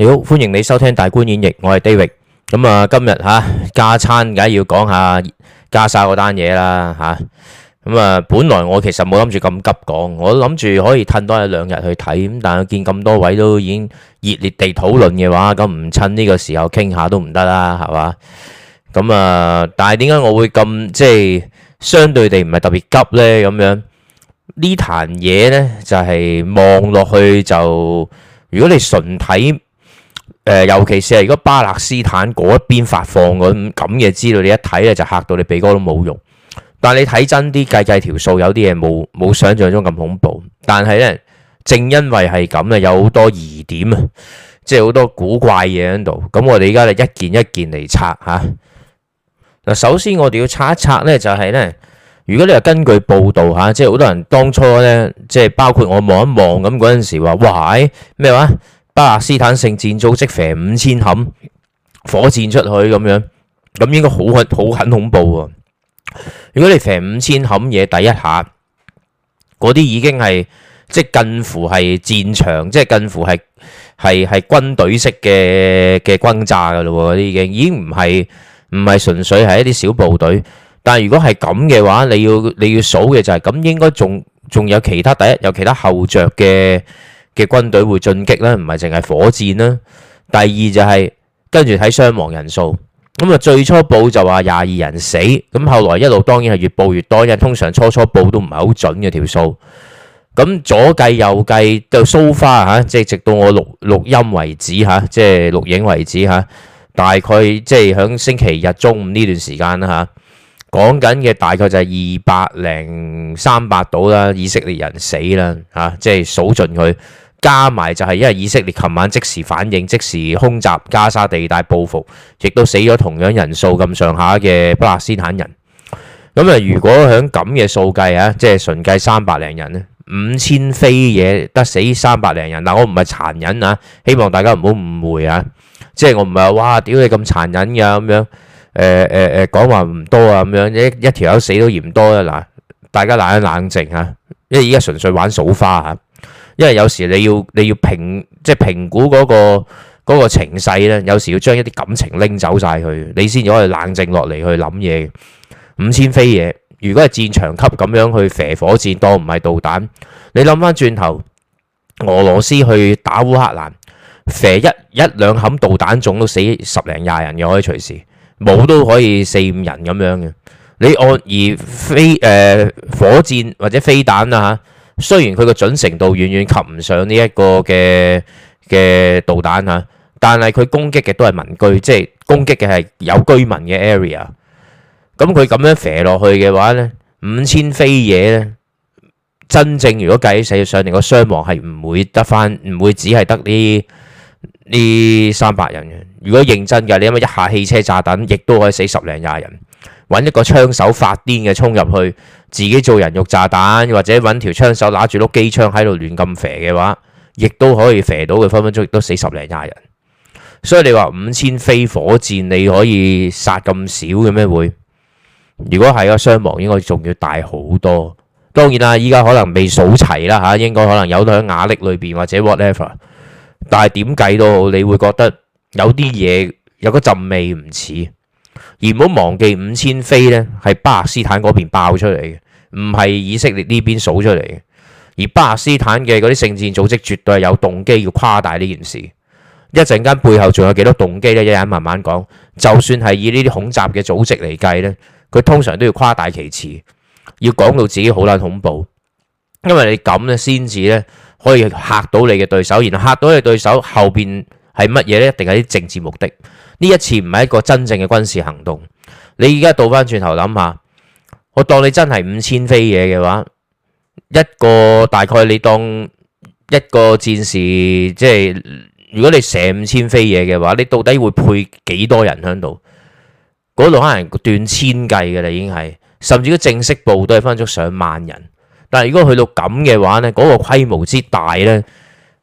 你好，歡迎你收聽大觀演繹，我係 David。咁啊，今日吓加餐，梗係要講下加沙嗰單嘢啦，吓。咁啊，本來我其實冇諗住咁急講，我諗住可以褪多一兩日去睇。咁但係見咁多位都已經熱烈地討論嘅話，咁唔趁呢個時候傾下都唔得啦，係嘛？咁啊，但係點解我會咁即係相對地唔係特別急呢？咁樣呢壇嘢呢就係望落去就，如果你純睇。誒，尤其是係如果巴勒斯坦嗰一邊發放咁嘅資料，你一睇咧就嚇到你鼻哥都冇用。但係你睇真啲，計計條數，有啲嘢冇冇想像中咁恐怖。但係咧，正因為係咁咧，有好多疑點啊，即係好多古怪嘢喺度。咁我哋而家就一件一件嚟拆吓。嗱，啊，首先我哋要拆一拆咧，就係、是、咧，如果你係根據報道吓，即係好多人當初咧，即係包括我望一望咁嗰陣時話，哇，咩話、啊？巴勒斯坦聖戰組織射五千冚火箭出去咁樣，咁應該好，好恐怖喎！如果你射五千冚嘢第一下，嗰啲已經係即係近乎係戰場，即係近乎係係係軍隊式嘅嘅轟炸㗎喇，嗰啲已經已經唔係唔係純粹係一啲小部隊。但係如果係咁嘅話，你要你要數嘅就係咁，應該仲仲有其他第一，有其他後著嘅。嘅軍隊會進擊啦，唔係淨係火箭啦。第二就係跟住睇傷亡人數。咁啊，最初報就話廿二人死，咁後來一路當然係越報越多，因為通常初初報都唔係好準嘅條數。咁左計右計都數花嚇，即係直到我錄錄音為止嚇，即係錄影為止嚇。大概即係喺星期日中午呢段時間啦嚇，講緊嘅大概就係二百零三百度啦，以色列人死啦嚇，即係數盡佢。加埋就係因為以色列琴晚即時反應，即時空襲加沙地帶報復，亦都死咗同樣人數咁上下嘅巴勒斯坦人。咁、嗯、啊，嗯、如果喺咁嘅數計啊，即係純計三百零人咧，五千飛嘢得死三百零人。嗱，我唔係殘忍啊，希望大家唔好誤會啊。即係我唔係話哇屌你咁殘忍嘅，咁樣，誒誒誒講話唔多啊咁樣，一一條友死都嫌多啊。嗱，大家冷一冷靜啊，因為依家純粹玩數花啊。因為有時你要你要評即係評估嗰、嗰個、嗰個情勢咧，有時要將一啲感情拎走晒佢你先可以冷靜落嚟去諗嘢。五千飛嘢，如果係戰場級咁樣去射火箭，當唔係導彈？你諗翻轉頭，俄羅斯去打烏克蘭，射一一兩冚導彈，總都死十零廿人嘅，可以隨時冇都可以四五人咁樣嘅。你按而飛誒、呃、火箭或者飛彈啊雖然佢個準程度遠遠及唔上呢一個嘅嘅導彈嚇，但係佢攻擊嘅都係民居，即係攻擊嘅係有居民嘅 area。咁佢咁樣射落去嘅話咧，五千飛嘢咧，真正如果計起上嚟個傷亡係唔會得返，唔會只係得呢呢三百人嘅。如果認真嘅，你諗下，一下汽車炸彈，亦都可以死十零廿人。揾一個槍手發癲嘅衝入去，自己做人肉炸彈，或者揾條槍手拿住碌機槍喺度亂咁射嘅話，亦都可以射到佢分分鐘，亦都死十零廿人。所以你話五千飛火箭你可以殺咁少嘅咩會？如果係個，傷亡應該仲要大好多。當然啦，依家可能未數齊啦嚇，應該可能有喺瓦礫裏邊或者 whatever，但係點計都好，你會覺得有啲嘢有個陣味唔似。而唔好忘記五千飛呢，係巴勒斯坦嗰邊爆出嚟嘅，唔係以色列呢邊數出嚟嘅。而巴勒斯坦嘅嗰啲聖戰組織絕對係有動機要誇大呢件事。一陣間背後仲有幾多動機呢？一人慢慢講。就算係以呢啲恐襲嘅組織嚟計呢，佢通常都要誇大其詞，要講到自己好捻恐怖，因為你咁呢先至呢，可以吓到你嘅對手，然後吓到你對手後邊係乜嘢呢？一定係啲政治目的。呢一次唔係一個真正嘅軍事行動。你而家倒翻轉頭諗下，我當你真係五千飛嘢嘅話，一個大概你當一個戰士，即係如果你射五千飛嘢嘅話，你到底會配幾多人喺度？嗰度可能斷千計噶啦，已經係甚至個正式部隊都係分咗上萬人。但係如果去到咁嘅話呢，嗰個規模之大呢，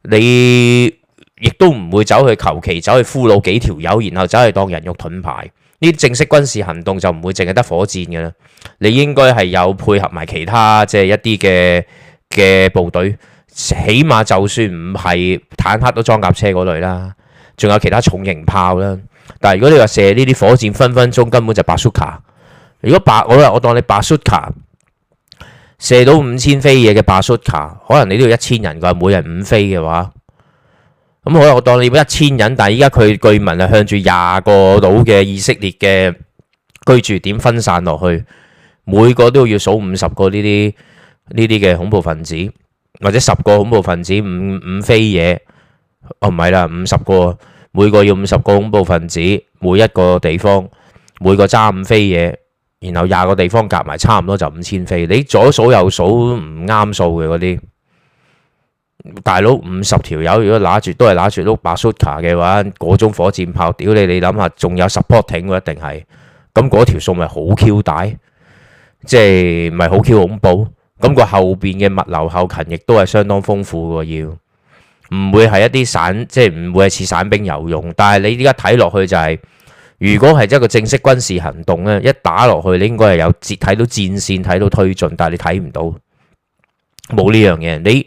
你。亦都唔會走去求其走去俘虜幾條友，然後走去當人肉盾牌。呢啲正式軍事行動就唔會淨係得火箭嘅啦。你應該係有配合埋其他即係一啲嘅嘅部隊，起碼就算唔係坦克都裝甲車嗰類啦，仲有其他重型炮啦。但係如果你話射呢啲火箭分分鐘根本就巴祖卡。如果白我話我當你巴祖卡射到五千飛嘢嘅巴祖卡，可能你都要一千人嘅，每人五飛嘅話。咁好啦，當你要一千人，但係依家佢據聞係向住廿個島嘅以色列嘅居住點分散落去，每個都要數五十個呢啲呢啲嘅恐怖分子，或者十個恐怖分子五五飛嘢，哦，唔係啦，五十個每個要五十個恐怖分子，每一個地方每個揸五飛嘢，然後廿個地方夾埋差唔多就五千飛，你左數右數唔啱數嘅嗰啲。大佬五十條友，如果攞住都係攞住碌白縮卡嘅話，嗰種火箭炮，屌你！你諗下，仲有十波艇喎，一定係咁嗰條數咪好 Q 大，即係咪好 Q 恐怖？咁個後邊嘅物流後勤亦都係相當豐富喎。要唔會係一啲散，即係唔會係似散兵游勇。但係你依家睇落去就係、是，如果係一個正式軍事行動咧，一打落去，你應該係有戰睇到戰線，睇到推進，但係你睇唔到冇呢樣嘢，你。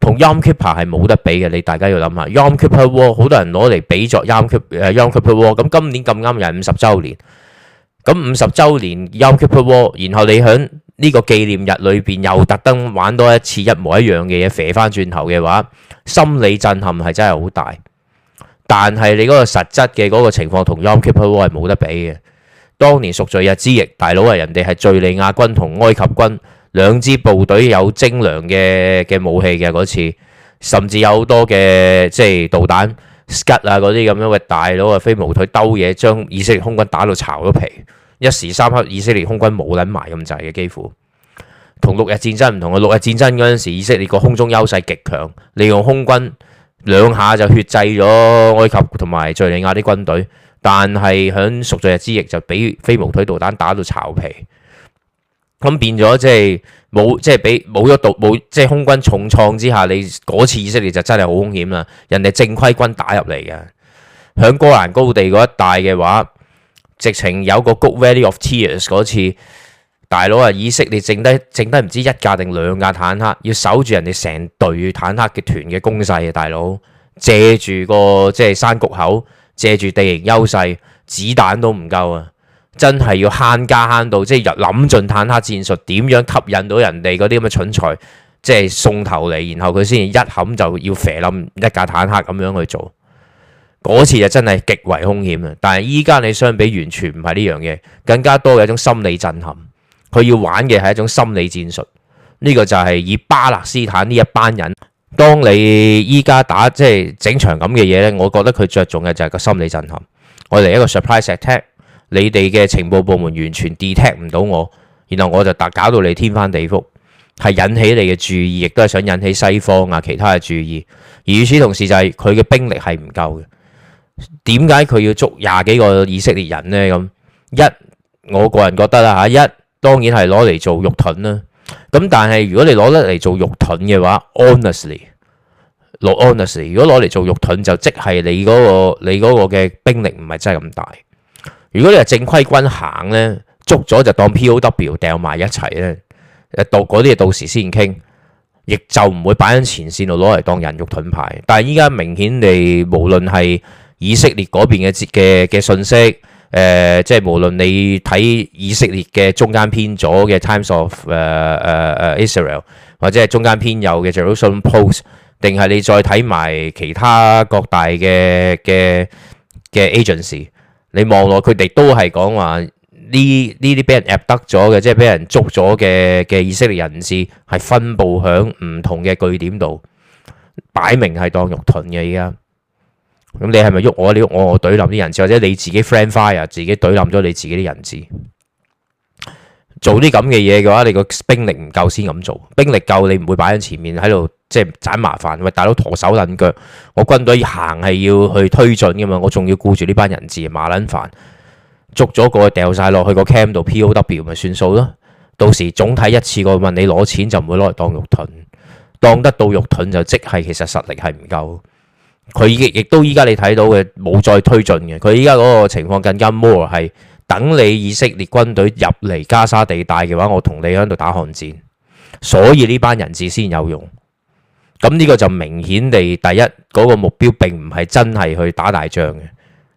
同 Yom Kippur War 係冇得比嘅，你大家要諗下 Yom Kippur War 好多人攞嚟比作 Yom Kippur 誒 Yom Kippur，咁今年咁啱又係五十周年，咁五十周年 Yom Kippur War，然後你喺呢個紀念日裏邊又特登玩多一次一模一樣嘅嘢，肥翻轉頭嘅話，心理震撼係真係好大。但係你嗰個實質嘅嗰個情況同 Yom Kippur War 係冇得比嘅。當年贖罪日之役，大佬啊，人哋係敘利亞軍同埃及軍。兩支部隊有精良嘅嘅武器嘅嗰次，甚至有好多嘅即係導彈 Scud 啊嗰啲咁樣嘅，大佬啊，飛毛腿兜嘢，將以色列空軍打到巢咗皮。一時三刻，以色列空軍冇捻埋咁滯嘅，幾乎同六日戰爭唔同啊！六日戰爭嗰陣時，以色列個空中優勢極強，利用空軍兩下就血祭咗埃及同埋敘利亞啲軍隊。但係響贖罪日之役，就俾飛毛腿導彈打到巢皮。咁變咗即係冇即係俾冇咗導冇即係，空軍重創之下，你嗰次以色列就真係好凶險啦。人哋正規軍打入嚟嘅，喺戈蘭高地嗰一帶嘅話，直情有個谷 Valley of Tears 嗰次，大佬啊，以色列剩低剩低唔知一架定兩架坦克，要守住人哋成隊坦克嘅團嘅攻勢啊，大佬借住個即係山谷口，借住地形優勢，子彈都唔夠啊！真係要慳家慳到，即係諗盡坦克戰術，點樣吸引到人哋嗰啲咁嘅蠢材，即係送頭嚟，然後佢先一冚就要肥冧一架坦克咁樣去做。嗰次就真係極為兇險啊！但係依家你相比，完全唔係呢樣嘢，更加多嘅一種心理震撼。佢要玩嘅係一種心理戰術，呢個就係以巴勒斯坦呢一班人，當你依家打即係整場咁嘅嘢呢，我覺得佢着重嘅就係個心理震撼，我嚟一個 surprise attack。你哋嘅情報部門完全 detect 唔到我，然後我就搞到你天翻地覆，係引起你嘅注意，亦都係想引起西方啊其他嘅注意。而與此同時就係佢嘅兵力係唔夠嘅，點解佢要捉廿幾個以色列人呢？咁一，我個人覺得啦嚇，一當然係攞嚟做肉盾啦。咁但係如果你攞得嚟做肉盾嘅話，honestly，攞 honestly，如果攞嚟做肉盾就即係你嗰個，你嗰個嘅兵力唔係真係咁大。如果你係正規軍行呢，捉咗就當 POW 掉埋一齊呢。誒到嗰啲到時先傾，亦就唔會擺喺前線度攞嚟當人肉盾牌。但係依家明顯地，無論係以色列嗰邊嘅嘅嘅信息，誒、呃、即係無論你睇以色列嘅中間偏左嘅 Times of 誒誒誒 Israel，或者係中間偏右嘅 Jerusalem Post，定係你再睇埋其他各大嘅嘅嘅 agency。你望落，佢哋都係講話呢呢啲俾人 app 得咗嘅，即係俾人捉咗嘅嘅以色列人士，係分布響唔同嘅據點度，擺明係當肉盾嘅。而家咁你係咪喐我？你喐我，我懟冧啲人質，或者你自己 friend fire，自己懟冧咗你自己啲人質。做啲咁嘅嘢嘅話，你個兵力唔夠先咁做，兵力夠你唔會擺喺前面喺度即係盞麻煩。喂大佬，陀手攆腳，我軍隊行係要去推進嘅嘛，我仲要顧住呢班人質麻撚煩，捉咗個掉晒落去，去個 camp 度 POW 咪算數咯。到時總體一次過問你攞錢就唔會攞嚟當肉盾，當得到肉盾就即係其實實力係唔夠。佢亦都依家你睇到嘅冇再推進嘅，佢依家嗰個情況更加 more 係。等你以色列軍隊入嚟加沙地帶嘅話，我同你喺度打巷戰，所以呢班人質先有用。咁呢個就明顯地第一嗰、嗰個目標，並唔係真係去打大仗嘅。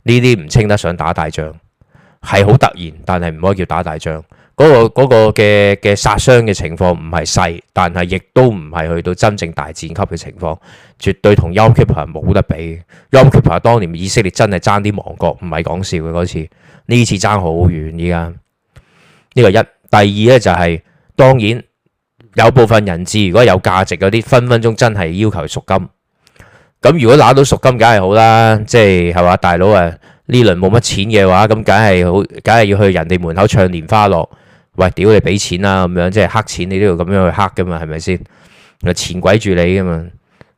呢啲唔稱得上打大仗，係好突然，但係唔可以叫打大仗。嗰、嗰個、嗰個嘅嘅殺傷嘅情況唔係細，但係亦都唔係去到真正大戰級嘅情況，絕對同 Yom Kippur 冇得比。Yom Kippur 當年以色列真係爭啲亡國，唔係講笑嘅嗰次。呢次爭好遠，依家呢個一，第二呢就係、是、當然有部分人質，如果有價值嗰啲，分分鐘真係要求贖金。咁如果拿到贖金，梗係好啦，即係係嘛，大佬誒呢輪冇乜錢嘅話，咁梗係好，梗係要去人哋門口唱蓮花落。喂，屌你俾錢啊！咁樣即係黑錢，你都要咁樣去黑噶嘛？係咪先？啊，錢鬼住你噶嘛？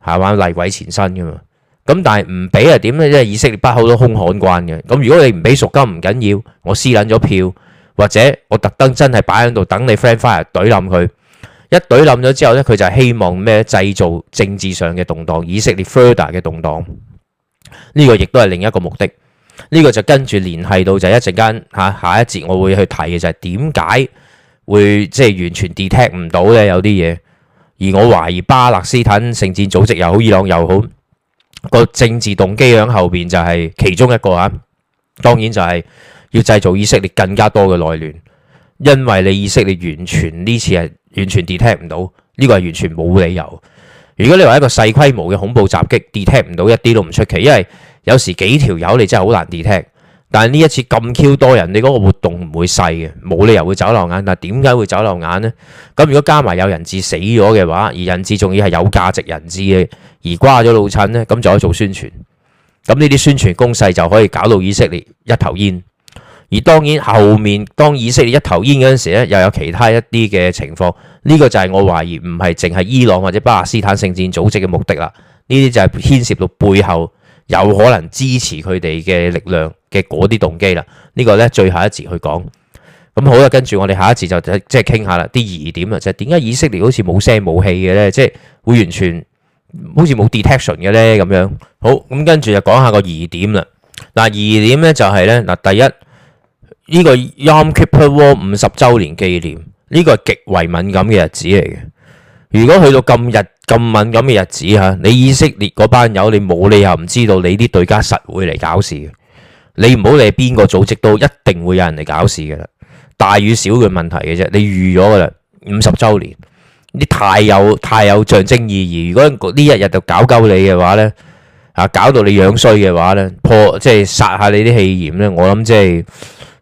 係嘛，厲鬼纏身噶嘛？咁但係唔俾又點呢？因為以色列不好多凶悍慣嘅。咁如果你唔俾贖金唔緊要，我私捻咗票或者我特登真係擺喺度等你 friend fire。Friend 翻嚟 r 隊冧佢一隊冧咗之後呢，佢就希望咩製造政治上嘅動盪，以色列 Further 嘅動盪呢、這個亦都係另一個目的。呢、這個就跟住聯繫到就一陣間吓下一節我會去提嘅就係點解會即係完全 detect 唔到呢有啲嘢而我懷疑巴勒斯坦聖戰組織又好，伊朗又好。個政治動機喺後邊就係其中一個吓，當然就係要製造以色列更加多嘅內亂，因為你以色列完全呢次係完全 detect 唔到，呢個係完全冇理由。如果你話一個細規模嘅恐怖襲擊 detect 唔到，一啲都唔出奇，因為有時幾條友你真係好難 detect。但係呢一次咁 Q 多人，你、那、嗰個活動唔會細嘅，冇理由會走漏眼。但係點解會走漏眼呢？咁如果加埋有人質死咗嘅話，而人質仲要係有價值人質嘅，而瓜咗老襯呢，咁就可以做宣傳。咁呢啲宣傳攻勢就可以搞到以色列一頭煙。而當然後面當以色列一頭煙嗰陣時咧，又有其他一啲嘅情況。呢、這個就係我懷疑唔係淨係伊朗或者巴勒斯坦聖戰組織嘅目的啦。呢啲就係牽涉到背後。有可能支持佢哋嘅力量嘅嗰啲動機啦，呢、這個呢，最後一節去講。咁好啦，跟住我哋下一節就即係傾下啦，啲疑點啊，就點、是、解以色列好似冇聲冇氣嘅呢？即、就、係、是、會完全好似冇 detection 嘅呢？咁樣。好，咁跟住就講下個疑點啦。嗱，疑點呢就係呢。嗱，第一呢、這個 Yom Kippur、er、War 五十周年紀念呢、這個係極為敏感嘅日子嚟嘅。如果去到咁日咁敏感嘅日子吓，你以色列嗰班友，你冇理由唔知道你啲對家實會嚟搞事嘅。你唔好理邊個組織都，都一定會有人嚟搞事㗎喇。大與小嘅問題嘅啫，你預咗㗎喇，五十週年你太有太有象徵意義。如果呢一日就搞鳩你嘅話呢，吓搞到你樣衰嘅話呢，破即係、就是、殺下你啲氣焰呢。我諗即係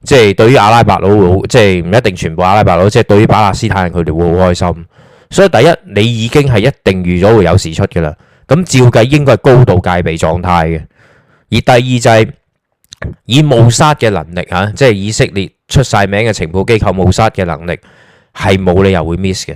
即係對於阿拉伯佬會好，即係唔一定全部阿拉伯佬，即、就、係、是、對於巴勒斯坦人佢哋會好開心。所以第一，你已經係一定預咗會有事出嘅啦。咁照計應該係高度戒備狀態嘅。而第二就係、是、以無殺嘅能力嚇，即係以色列出晒名嘅情報機構無殺嘅能力係冇理由會 miss 嘅。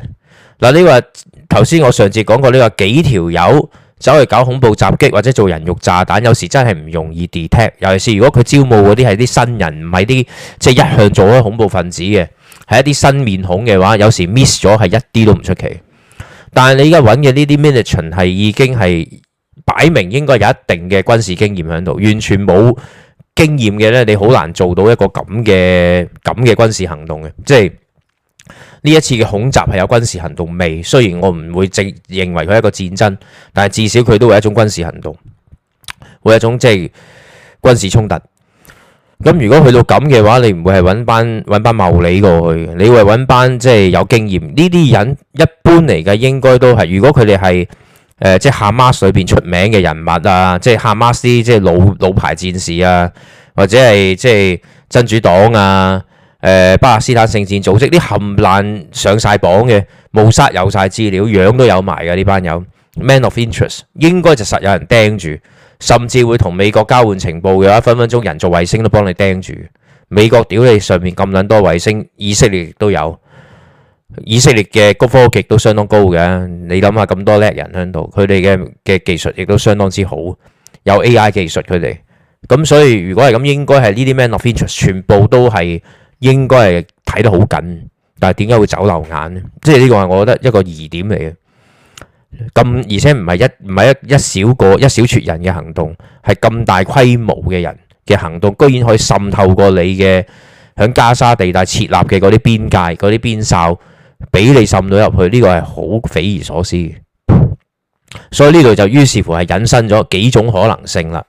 嗱、這個，你話頭先我上次講過呢、這個幾條友走去搞恐怖襲擊或者做人肉炸彈，有時真係唔容易 detect。尤其是如果佢招募嗰啲係啲新人，唔係啲即係一向做開恐怖分子嘅。係一啲新面孔嘅話，有時 miss 咗係一啲都唔出奇。但係你而家搵嘅呢啲 minister 係已經係擺明應該有一定嘅軍事經驗喺度，完全冇經驗嘅呢。你好難做到一個咁嘅咁嘅軍事行動嘅。即係呢一次嘅恐襲係有軍事行動未？雖然我唔會正認為佢係一個戰爭，但係至少佢都會一種軍事行動，會一種即係軍事衝突。咁如果去到咁嘅話，你唔會係揾班揾班茂利過去嘅，你會揾班即係有經驗呢啲人，一般嚟嘅應該都係。如果佢哋係誒即係哈馬斯裏邊出名嘅人物啊，即係哈馬斯即係老老牌戰士啊，或者係即係真主黨啊，誒、呃、巴勒斯坦聖戰組織啲冚唪唥上晒榜嘅，無殺有晒資料，樣都有埋嘅呢班友，man of interest，應該就實有人盯住。甚至會同美國交換情報嘅話，分分鐘人造衛星都幫你盯住。美國屌你上面咁撚多衛星，以色列亦都有。以色列嘅高科技都相當高嘅，你諗下咁多叻人喺度，佢哋嘅嘅技術亦都相當之好，有 AI 技術佢哋。咁所以如果係咁，應該係呢啲咩 Nofitious 全部都係應該係睇得好緊，但係點解會走漏眼咧？即係呢個係我覺得一個疑點嚟嘅。咁而且唔係一唔係一一小個一小撮人嘅行動，係咁大規模嘅人嘅行動，居然可以滲透過你嘅響加沙地帶設立嘅嗰啲邊界、嗰啲邊哨，俾你滲到入去，呢個係好匪夷所思嘅。所以呢度就於是乎係引申咗幾種可能性啦。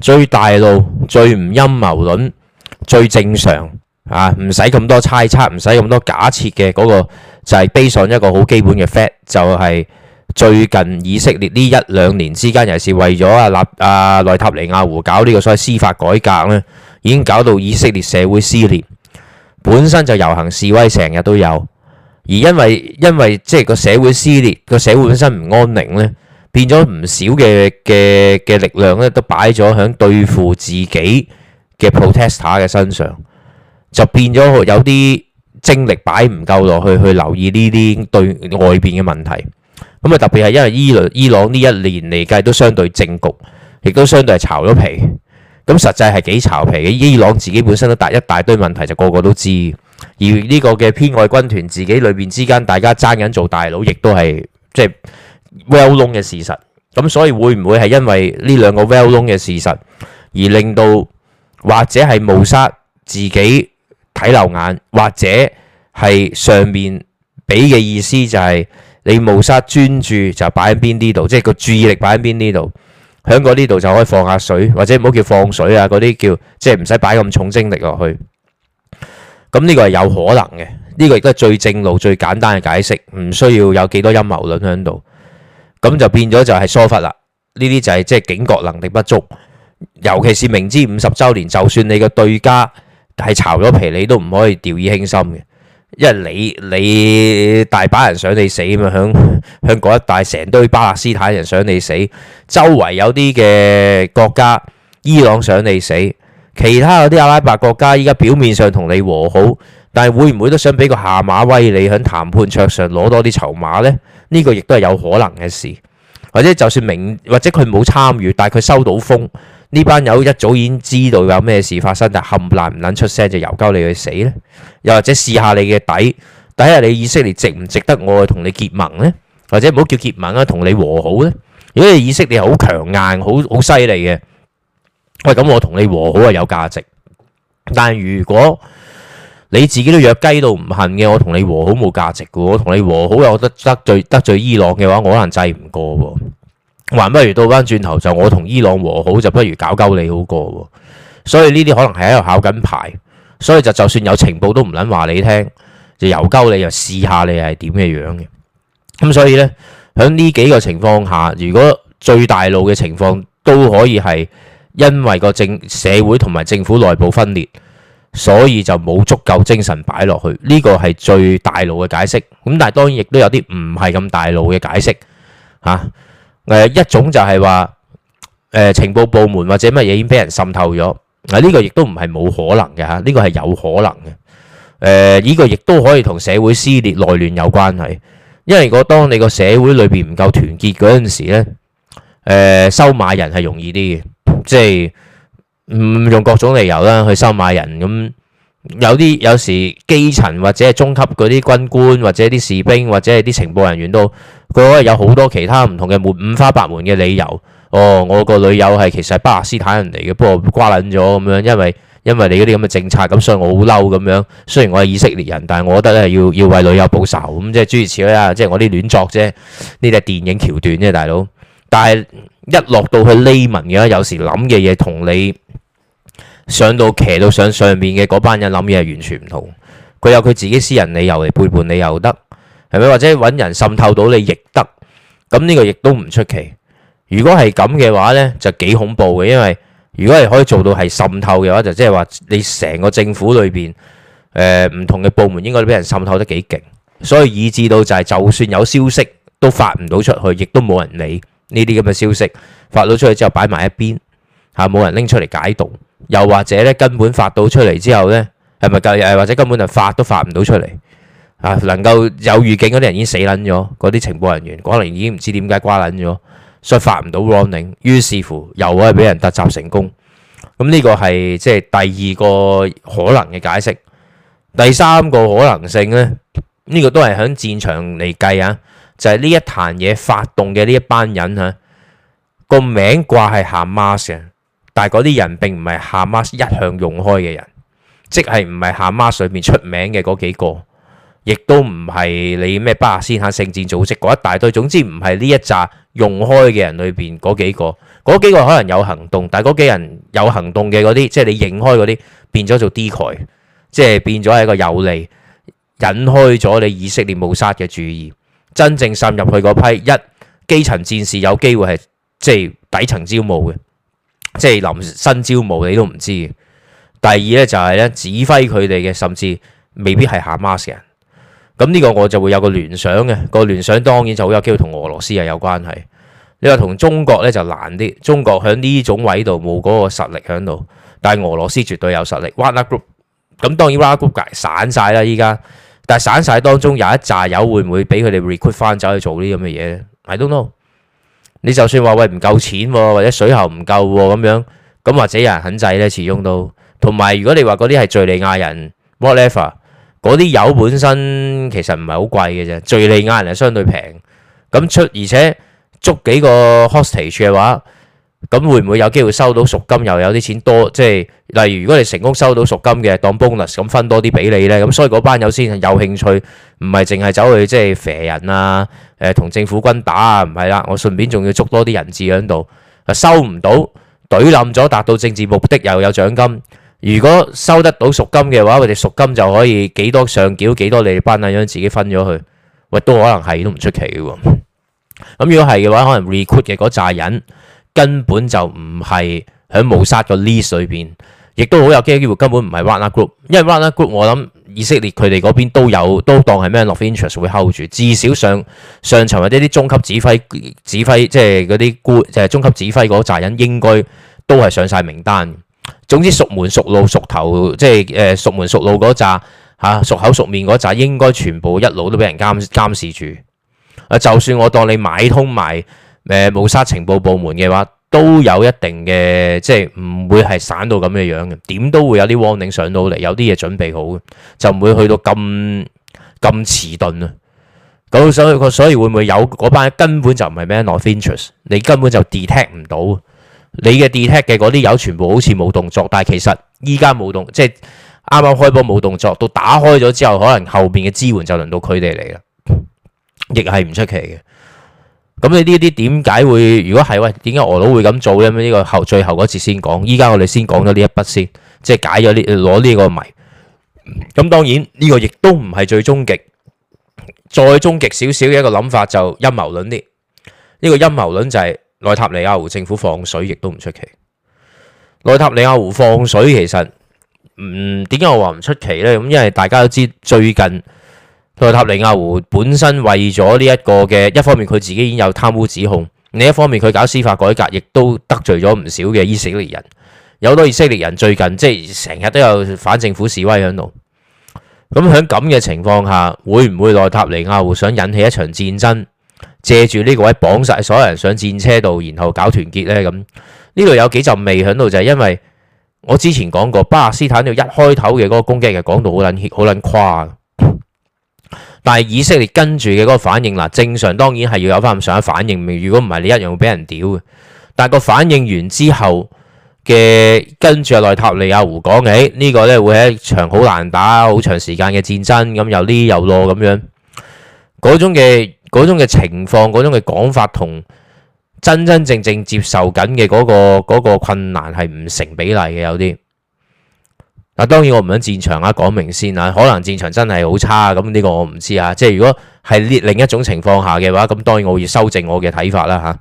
最大路、最唔陰謀論、最正常啊，唔使咁多猜測，唔使咁多假設嘅嗰個。就係 base on 一個好基本嘅 fact，就係、是、最近以色列呢一兩年之間，尤其是為咗啊納啊內塔尼亞胡搞呢個所謂司法改革咧，已經搞到以色列社會撕裂，本身就遊行示威成日都有，而因為因為即係個社會撕裂，個社會本身唔安寧咧，變咗唔少嘅嘅嘅力量咧，都擺咗響對付自己嘅 protester 嘅身上，就變咗有啲精力擺唔夠落去，去留意呢啲對外邊嘅問題。咁啊，特別係因為伊朗呢一年嚟計都相對政局，亦都相對係巢咗皮。咁實際係幾巢皮嘅？伊朗自己本身都大一大堆問題，就個個都知。而呢個嘅偏愛軍團自己裏邊之間，大家爭緊做大佬，亦都係即係 well known 嘅事實。咁所以會唔會係因為呢兩個 well known 嘅事實，而令到或者係謀殺自己？睇流眼或者係上面俾嘅意思就係你無法專注就擺喺邊啲度，即係個注意力擺喺邊啲度，響嗰啲度就可以放下水，或者唔好叫放水啊，嗰啲叫即係唔使擺咁重精力落去。咁呢個係有可能嘅，呢個亦都係最正路、最簡單嘅解釋，唔需要有幾多陰謀論響度。咁就變咗就係疏忽啦。呢啲就係即係警覺能力不足，尤其是明知五十週年，就算你嘅對家，係巢咗皮，你都唔可以掉以輕心嘅，因為你你大把人想你死嘛，響響一帶成堆巴勒斯坦人想你死，周圍有啲嘅國家，伊朗想你死，其他嗰啲阿拉伯國家依家表面上同你和好，但係會唔會都想俾個下馬威你，響談判桌上攞多啲籌碼呢？呢個亦都係有可能嘅事，或者就算明或者佢冇參與，但係佢收到風。呢班友一早已經知道有咩事發生，就冚唪唥唔撚出聲就由鳩你去死咧，又或者試下你嘅底，底下你以色列值唔值得我同你結盟呢？或者唔好叫結盟啊，同你和好呢？如果你以色列好強硬、好好犀利嘅，喂咁我同你和好係有價值。但係如果你自己都弱雞到唔恨嘅，我同你和好冇價值㗎，我同你和好又得得罪得罪伊朗嘅話，我可能制唔過喎。還不如倒翻轉頭，就我同伊朗和好，就不如搞鳩你好過。所以呢啲可能係喺度考緊牌，所以就就算有情報都唔撚話你聽，就由鳩你又試下你係點嘅樣嘅。咁所以呢，喺呢幾個情況下，如果最大路嘅情況都可以係因為個政社會同埋政府內部分裂，所以就冇足夠精神擺落去呢個係最大路嘅解釋。咁但係當然亦都有啲唔係咁大路嘅解釋嚇。誒，一種就係話，誒情報部門或者乜嘢已經俾人滲透咗，嗱、這、呢個亦都唔係冇可能嘅吓，呢、這個係有可能嘅。誒、呃，呢、這個亦都可以同社會撕裂、內亂有關係，因為如果當你個社會裏邊唔夠團結嗰陣時咧，誒、呃、收買人係容易啲嘅，即係唔用各種理由啦去收買人咁。有啲有時基層或者係中級嗰啲軍官，或者啲士兵，或者係啲情報人員都，佢可以有好多其他唔同嘅門，五花八門嘅理由。哦，我個女友係其實係巴勒斯坦人嚟嘅，不過瓜撚咗咁樣，因為因為你嗰啲咁嘅政策，咁所以我好嬲咁樣。雖然我係以色列人，但係我覺得咧要要為女友報仇咁，即係諸如此類啦，即係我啲亂作啫，呢啲係電影橋段啫，大佬。但係一落到去呢文嘅，有時諗嘅嘢同你。上到騎到上上面嘅嗰班人諗嘢係完全唔同，佢有佢自己私人理由嚟背叛你又得，係咪？或者揾人滲透到你亦得，咁呢個亦都唔出奇。如果係咁嘅話呢，就幾恐怖嘅，因為如果係可以做到係滲透嘅話，就即係話你成個政府裏邊，呃，唔同嘅部門應該俾人滲透得幾勁，所以以至到就係就算有消息都發唔到出去，亦都冇人理呢啲咁嘅消息發到出去之後擺埋一邊吓，啊，冇人拎出嚟解讀。又或者咧，根本發到出嚟之後呢，係咪夠？或者根本就發都發唔到出嚟啊！能夠有預警嗰啲人已經死撚咗，嗰啲情報人員可能已經唔知點解瓜撚咗，所以發唔到 warning。於是乎又可以俾人突襲成功。咁呢個係即係第二個可能嘅解釋。第三個可能性呢，呢個都係喺戰場嚟計啊，就係呢一壇嘢發動嘅呢一班人啊，個名掛係 Hamas。但係嗰啲人並唔係哈馬斯一向用開嘅人，即係唔係哈馬斯上面出名嘅嗰幾個，亦都唔係你咩巴勒斯坦聖戰組織嗰一大堆。總之唔係呢一紮用開嘅人裏邊嗰幾個，嗰幾個可能有行動，但係嗰幾人有行動嘅嗰啲，即係你引開嗰啲變咗做啲 decoy，即係變咗係一個有利引開咗你以色列無殺嘅注意，真正滲入去嗰批一基層戰士有機會係即係底層招募嘅。即係臨新招募，你都唔知。第二咧就係咧指揮佢哋嘅，甚至未必係哈馬斯人。咁、這、呢個我就會有個聯想嘅，這個聯想當然就好有機會同俄羅斯係有關係。你話同中國咧就難啲，中國響呢種位度冇嗰個實力響度，但係俄羅斯絕對有實力。Wagner Group 咁，當然 Wagner Group 散晒啦，依家。但係散晒當中有一紮友會唔會俾佢哋 request 翻走去做呢啲咁嘅嘢咧？I don't know。你就算話喂，唔夠錢喎、啊，或者水喉唔夠喎、啊、咁樣，咁或者有人肯制咧，始終都同埋如果你話嗰啲係敍利亞人，whatever 嗰啲油本身其實唔係好貴嘅啫，敍利亞人係相對平，咁出而且捉幾個 hostage 嘅話。咁會唔會有機會收到贖金？又有啲錢多，即係例如，如果你成功收到贖金嘅當 bonus，咁分多啲俾你咧。咁所以嗰班友先有興趣，唔係淨係走去即係肥人啊，誒同政府軍打啊，唔係啦。我順便仲要捉多啲人質喺度啊，收唔到隊冧咗，達到政治目的又有獎金。如果收得到贖金嘅話，佢哋贖金就可以幾多上繳幾多，你哋班人樣自己分咗去。喂，都可能係都唔出奇嘅喎。咁如果係嘅話，可能 recruit 嘅嗰扎人。根本就唔係喺烏沙個 list 裏邊，亦都好有機機會根本唔係 Wagner Group，因為 Wagner Group 我諗以色列佢哋嗰邊都有都當係 man of interest 會 hold 住，至少上上層或者啲中級指揮指揮即係嗰啲官，即係中級指揮嗰扎人應該都係上晒名單。總之熟門熟路熟頭，即係誒、呃、熟門熟路嗰扎吓熟口熟面嗰扎，應該全部一路都俾人監監視住。啊，就算我當你買通埋。誒，武沙情報部門嘅話都有一定嘅，即係唔會係散到咁嘅樣嘅，點都會有啲 warning 上到嚟，有啲嘢準備好嘅，就唔會去到咁咁遲鈍啊。咁所以，所以會唔會有嗰班根本就唔係咩 man of interest，你根本就 detect 唔到，你嘅 detect 嘅嗰啲友全部好似冇動作，但係其實依家冇動，即係啱啱開波冇動作，到打開咗之後，可能後邊嘅支援就輪到佢哋嚟啦，亦係唔出奇嘅。咁你呢啲點解會？如果係喂，點解俄佬會咁做咧？呢個後最後嗰次先講。依家我哋先講咗呢一筆先，即係解咗呢攞呢個謎。咁當然呢個亦都唔係最終極，再終極少少嘅一個諗法就陰謀論啲。呢個陰謀論就係內塔尼亞胡政府放水，亦都唔出奇。內塔尼亞胡放水其實，嗯，點解我話唔出奇咧？咁因為大家都知最近。內塔尼亞胡本身為咗呢一個嘅一方面，佢自己已經有貪污指控；另一方面，佢搞司法改革，亦都得罪咗唔少嘅以色列人。有好多以色列人最近即係成日都有反政府示威喺度。咁喺咁嘅情況下，會唔會內塔尼亞胡想引起一場戰爭，借住呢個位綁晒所有人上戰車度，然後搞團結呢？咁呢度有幾陣味喺度，就係、是、因為我之前講過巴勒斯坦呢度一開頭嘅嗰個攻擊嘅講到好撚怯、好撚誇。但係以色列跟住嘅嗰個反應，嗱，正常當然係要有翻咁上下反應，如果唔係你一樣會俾人屌嘅。但係個反應完之後嘅跟住阿內塔尼亞胡講，起，呢、這個咧會係一場好難打好長時間嘅戰爭，咁又呢又落咁樣嗰種嘅嗰種嘅情況，嗰種嘅講法同真真正正接受緊嘅嗰個嗰、那個困難係唔成比例嘅有啲。嗱，當然我唔想戰場啊，講明先啊，可能戰場真係好差，咁呢個我唔知啊。即係如果係另一種情況下嘅話，咁當然我要修正我嘅睇法啦嚇。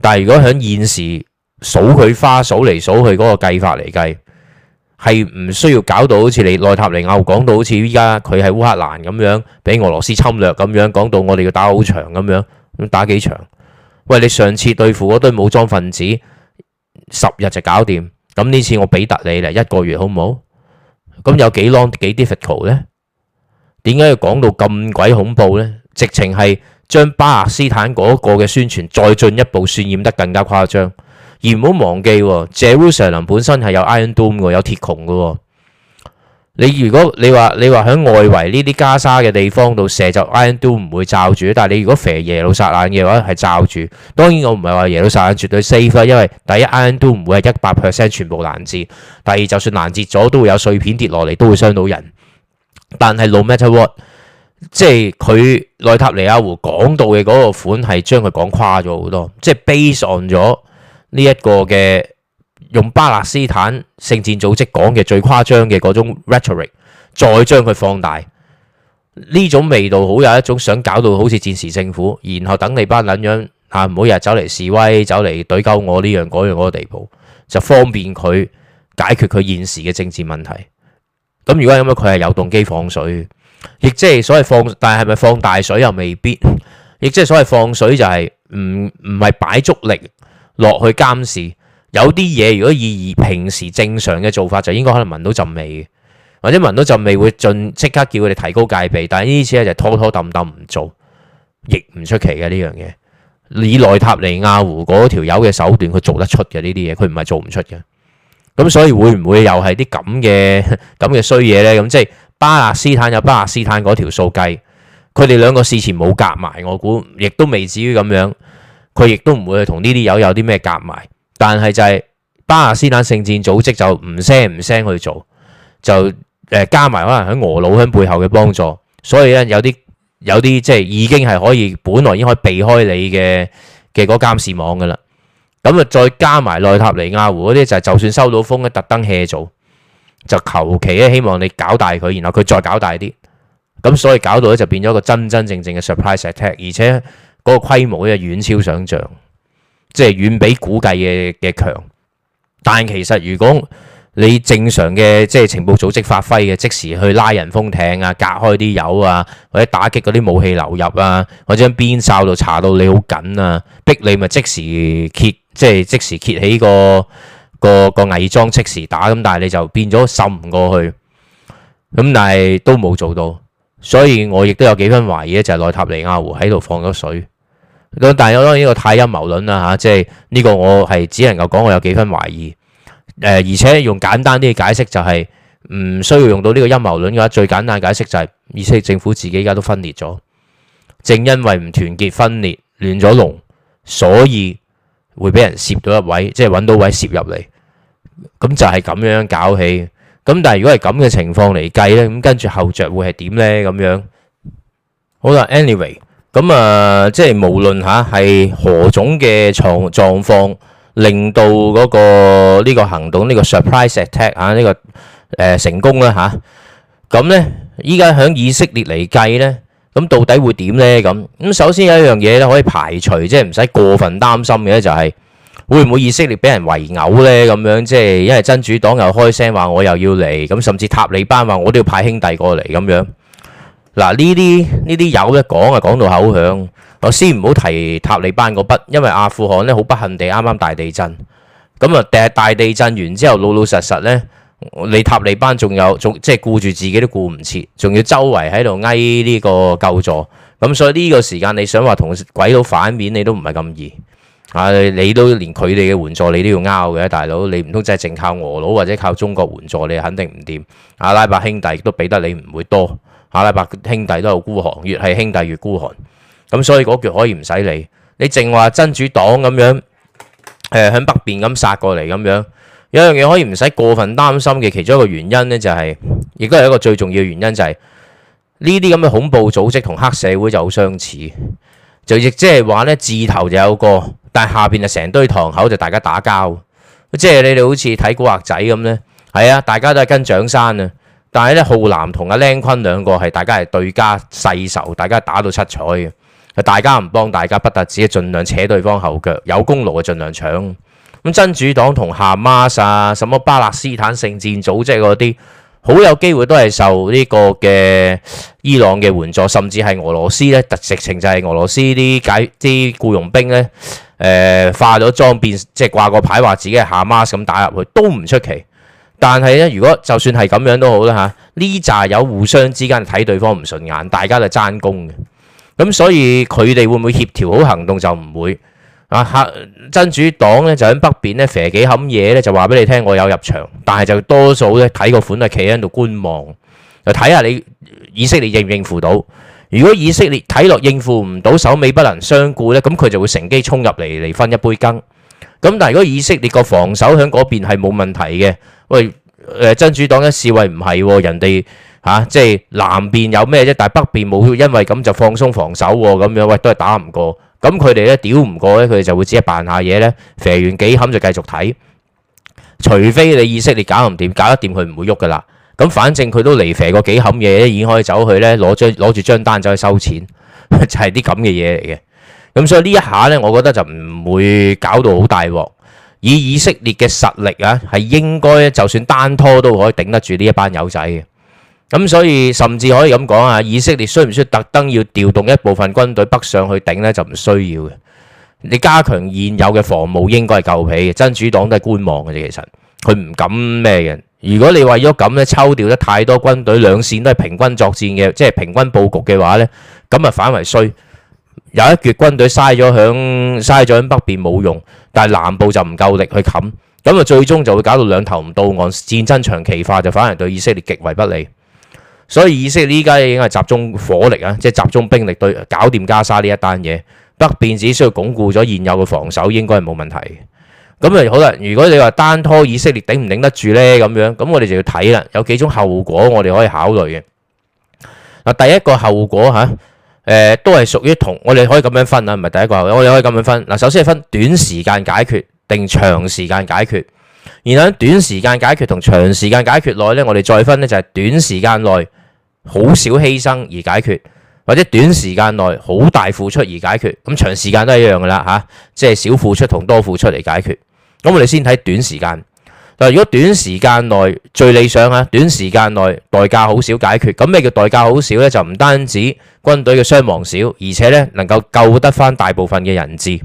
但係如果喺現時數佢花數嚟數去嗰個計法嚟計，係唔需要搞到好似你內塔尼亞講到好似依家佢喺烏克蘭咁樣，俾俄羅斯侵略咁樣，講到我哋要打好長咁樣，咁打幾長？喂，你上次對付嗰堆武裝分子十日就搞掂，咁呢次我俾得你嚟，一個月好唔好？咁有幾 long 幾 difficult 咧？點解要講到咁鬼恐怖咧？直情係將巴勒斯坦嗰個嘅宣傳再進一步渲染得更加誇張，而唔好忘記喎，耶路撒冷本身係有 Iron Dome 嘅，有鐵穹嘅喎。你如果你話你話喺外圍呢啲加沙嘅地方度射就 Iron Dome 唔會罩住，但係你如果射耶路撒冷嘅話係罩住。當然我唔係話耶路撒冷絕對 safe，因為第一 Iron Dome 唔會係一百 percent 全部攔截，第二就算攔截咗都會有碎片跌落嚟，都會傷到人。但係 n、no、matter what，即係佢內塔尼亞胡講到嘅嗰個款係將佢講誇咗好多，即係 base on 咗呢一個嘅。用巴勒斯坦聖戰組織講嘅最誇張嘅嗰種 rhetoric，h 再將佢放大，呢種味道好有一種想搞到好似戰時政府，然後等你班撚樣吓，每、啊、日走嚟示威，走嚟懟鳩我呢樣嗰樣、嗰個地步，就方便佢解決佢現時嘅政治問題。咁如果係咁樣，佢係有動機放水，亦即係所謂放，但係係咪放大水又未必？亦即係所謂放水就係唔唔係擺足力落去監視。有啲嘢如果以平時正常嘅做法就應該可能聞到陣味或者聞到陣味會盡即刻叫佢哋提高戒備。但係呢次咧就拖拖揼揼唔做，亦唔出奇嘅呢樣嘢。以內塔尼亞胡嗰條友嘅手段，佢做得出嘅呢啲嘢，佢唔係做唔出嘅。咁所以會唔會又係啲咁嘅咁嘅衰嘢呢？咁即係巴勒斯坦有巴勒斯坦嗰條數計，佢哋兩個事前冇夾埋，我估亦都未至於咁樣。佢亦都唔會去同呢啲友有啲咩夾埋。但係就係巴勒斯坦聖戰組織就唔聲唔聲去做，就誒加埋可能喺俄佬響背後嘅幫助，所以咧有啲有啲即係已經係可以，本來已經可以避開你嘅嘅嗰監視網㗎喇。咁啊，再加埋內塔尼亞胡嗰啲就係、係，就算收到風咧，特登 hea 做，就求其咧希望你搞大佢，然後佢再搞大啲。咁所以搞到咧就變咗一個真真正正嘅 surprise attack，而且嗰個規模咧遠超想像。即係遠比估計嘅嘅強，但其實如果你正常嘅即係情報組織發揮嘅即時去拉人封艇啊，隔開啲油啊，或者打擊嗰啲武器流入啊，或者邊哨度查到你好緊啊，逼你咪即時揭，即係即時揭起個個個偽裝即時打咁，但係你就變咗滲唔過去，咁但係都冇做到，所以我亦都有幾分懷疑咧，就係內塔尼亞胡喺度放咗水。咁但係我當然呢個太陰謀論啦嚇，即係呢個我係只能夠講我有幾分懷疑。誒、呃，而且用簡單啲嘅解釋就係唔需要用到呢個陰謀論嘅話，最簡單解釋就係、是、意思政府自己而家都分裂咗，正因為唔團結分裂亂咗龍，所以會俾人攝到一位，即係揾到位攝入嚟。咁就係咁樣搞起。咁但係如果係咁嘅情況嚟計咧，咁跟住後着會係點呢？咁樣好啦，anyway。咁啊、嗯，即係無論嚇係何種嘅狀狀況，令到嗰個呢個行動呢、呢個 surprise attack 啊呢、呢個誒、呃、成功啦吓，咁、啊、呢，依家喺以色列嚟計呢，咁到底會點呢？咁咁首先有一樣嘢咧可以排除，即係唔使過分擔心嘅就係、係、會唔會以色列俾人圍毆呢？咁樣即係因為真主黨又開聲話我又要嚟，咁甚至塔利班話我都要派兄弟過嚟咁樣。嗱，呢啲呢啲有，一講啊，講到口響。我先唔好提塔利班嗰筆，因為阿富汗呢好不幸地啱啱大地震咁啊。第日大地震完之後，老老實實呢，你塔利班仲有，仲即係顧住自己都顧唔切，仲要周圍喺度嗌呢個救助。咁所以呢個時間，你想話同鬼佬反面，你都唔係咁易啊。你都連佢哋嘅援助你都要拗嘅，大佬你唔通真係淨靠俄佬或者靠中國援助，你肯定唔掂。阿拉伯兄弟都俾得你唔會多。阿拉伯兄弟都好孤寒，越係兄弟越孤寒。咁所以嗰句可以唔使理。你淨話真主黨咁樣，誒、呃、響北邊咁殺過嚟咁樣，有一樣嘢可以唔使過分擔心嘅，其中一個原因呢，就係、是，亦都係一個最重要原因就係呢啲咁嘅恐怖組織同黑社會就好相似，就亦即係話呢字頭就有個，但下邊就成堆堂口就大家打交，即係你哋好似睇古惑仔咁呢，係啊，大家都係跟蔣生啊。但係咧，浩南同阿靚坤兩個係大家係對家世仇，大家打到七彩嘅，大家唔幫，大家不特止，盡量扯對方後腳，有功勞嘅盡量搶。咁、嗯、真主黨同哈馬斯啊，什麼巴勒斯坦聖戰組織嗰啲，好有機會都係受呢個嘅伊朗嘅援助，甚至係俄羅斯咧。直情就係俄羅斯啲解啲僱傭兵咧，誒、呃、化咗裝變，即係掛個牌話自己係哈馬斯咁打入去，都唔出奇。但係咧，如果就算係咁樣都好啦，嚇呢扎有互相之間睇對方唔順眼，大家就爭功嘅咁，所以佢哋會唔會協調好行動就唔會啊。哈真主黨咧就喺北邊咧，射幾冚嘢咧，就話俾你聽，我有入場，但係就多數咧睇個款係，企喺度觀望，就睇下你以色列應唔應付到。如果以色列睇落應付唔到，首尾不能相顧咧，咁佢就會乘機衝入嚟嚟分一杯羹。咁但係如果以色列個防守喺嗰邊係冇問題嘅。喂，誒真主黨一示威唔係喎，人哋嚇即係南邊有咩啫，但係北邊冇，因為咁就放鬆防守喎，咁樣喂都係打唔過，咁佢哋咧屌唔過咧，佢哋就會只係扮下嘢咧，肥完幾冚就繼續睇，除非你意識你搞唔掂，搞得掂佢唔會喐噶啦，咁反正佢都嚟肥過幾冚嘢咧，已經可以走去咧攞張攞住張單走去收錢，就係啲咁嘅嘢嚟嘅，咁所以呢一下咧，我覺得就唔會搞到好大鑊。以以色列嘅實力啊，係應該就算單拖都可以頂得住呢一班友仔嘅。咁所以甚至可以咁講啊，以色列需唔需要特登要調動一部分軍隊北上去頂呢？就唔需要嘅。你加強現有嘅防務應該係夠皮嘅。真主黨都係觀望嘅啫，其實佢唔敢咩嘅。如果你為咗咁咧抽調得太多軍隊，兩線都係平均作戰嘅，即係平均佈局嘅話呢，咁啊反為衰，有一撅軍隊嘥咗響嘥咗響北邊冇用。但係南部就唔夠力去冚，咁啊最終就會搞到兩頭唔到岸，戰爭長期化就反而對以色列極為不利。所以以色列依家已經係集中火力啊，即係集中兵力對搞掂加沙呢一單嘢。北邊只需要鞏固咗現有嘅防守，應該係冇問題嘅。咁啊好啦，如果你話單拖以色列頂唔頂得住呢，咁樣，咁我哋就要睇啦，有幾種後果我哋可以考慮嘅。嗱，第一個後果嚇。誒，都係屬於同我哋可以咁樣分啦，唔係第一個，我哋可以咁樣分。嗱，首先係分短時間解決定長時間解決，然後喺短時間解決同長時間解決內咧，我哋再分咧，就係短時間內好少犧牲而解決，或者短時間內好大付出而解決。咁長時間都係一樣噶啦吓，即係少付出同多付出嚟解決。咁我哋先睇短時間。如果短時間內最理想啊，短時間內代價好少解決，咁咩叫代價好少呢？就唔單止軍隊嘅傷亡少，而且呢能夠救得翻大部分嘅人質，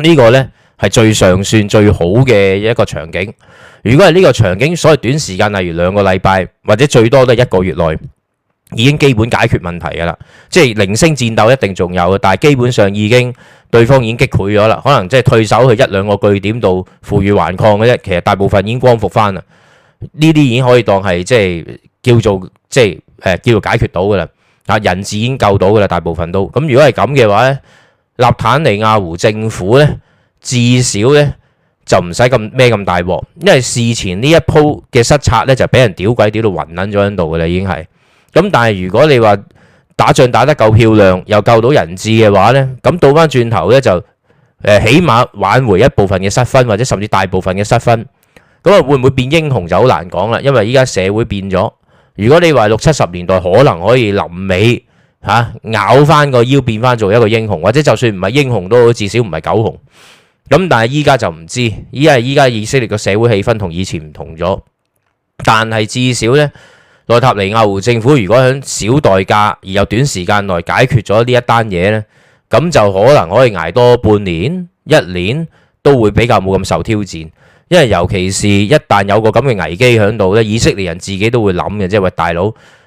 呢個呢，係最上算最好嘅一個場景。如果係呢個場景，所謂短時間，例如兩個禮拜或者最多都一個月內，已經基本解決問題㗎啦。即係零星戰鬥一定仲有，但係基本上已經。對方已經擊潰咗啦，可能即係退守去一兩個據點度負隅頑抗嘅啫。其實大部分已經光復返啦，呢啲已經可以當係即係叫做即係誒、呃、叫做解決到嘅啦。啊，人質已經救到嘅啦，大部分都。咁如果係咁嘅話咧，立坦尼亞胡政府咧，至少咧，就唔使咁孭咁大鑊，因為事前呢一鋪嘅失策咧就俾人屌鬼屌到暈撚咗喺度嘅啦，已經係。咁但係如果你話，打仗打得夠漂亮，又救到人質嘅話咧，咁倒翻轉頭咧就誒，起碼挽回一部分嘅失分，或者甚至大部分嘅失分。咁啊，會唔會變英雄就好難講啦。因為依家社會變咗，如果你話六七十年代可能可以臨尾嚇拗翻個腰變翻做一個英雄，或者就算唔係英雄都至少唔係狗熊。咁但係依家就唔知，依家依家以色列個社會氣氛同以前唔同咗，但係至少咧。內塔尼亞胡政府如果喺少代價而又短時間內解決咗呢一單嘢咧，咁就可能可以挨多半年、一年，都會比較冇咁受挑戰。因為尤其是一旦有個咁嘅危機喺度咧，以色列人自己都會諗嘅，即係喂，大佬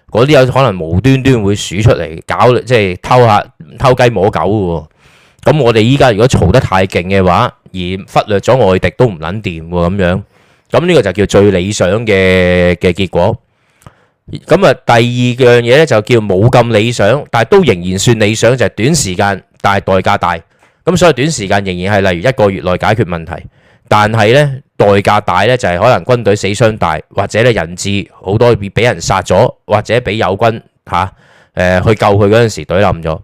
嗰啲有可能無端端會鼠出嚟搞，即係偷下偷雞摸狗嘅喎。咁我哋依家如果嘈得太勁嘅話，而忽略咗外敵都唔撚掂喎，咁樣咁呢個就叫最理想嘅嘅結果。咁啊，第二樣嘢咧就叫冇咁理想，但係都仍然算理想，就係短時間，但係代價大。咁所以短時間仍然係例如一個月內解決問題，但係咧代價大咧就係可能軍隊死傷大，或者咧人質好多俾俾人殺咗，或者俾友軍吓誒去救佢嗰陣時懟冧咗。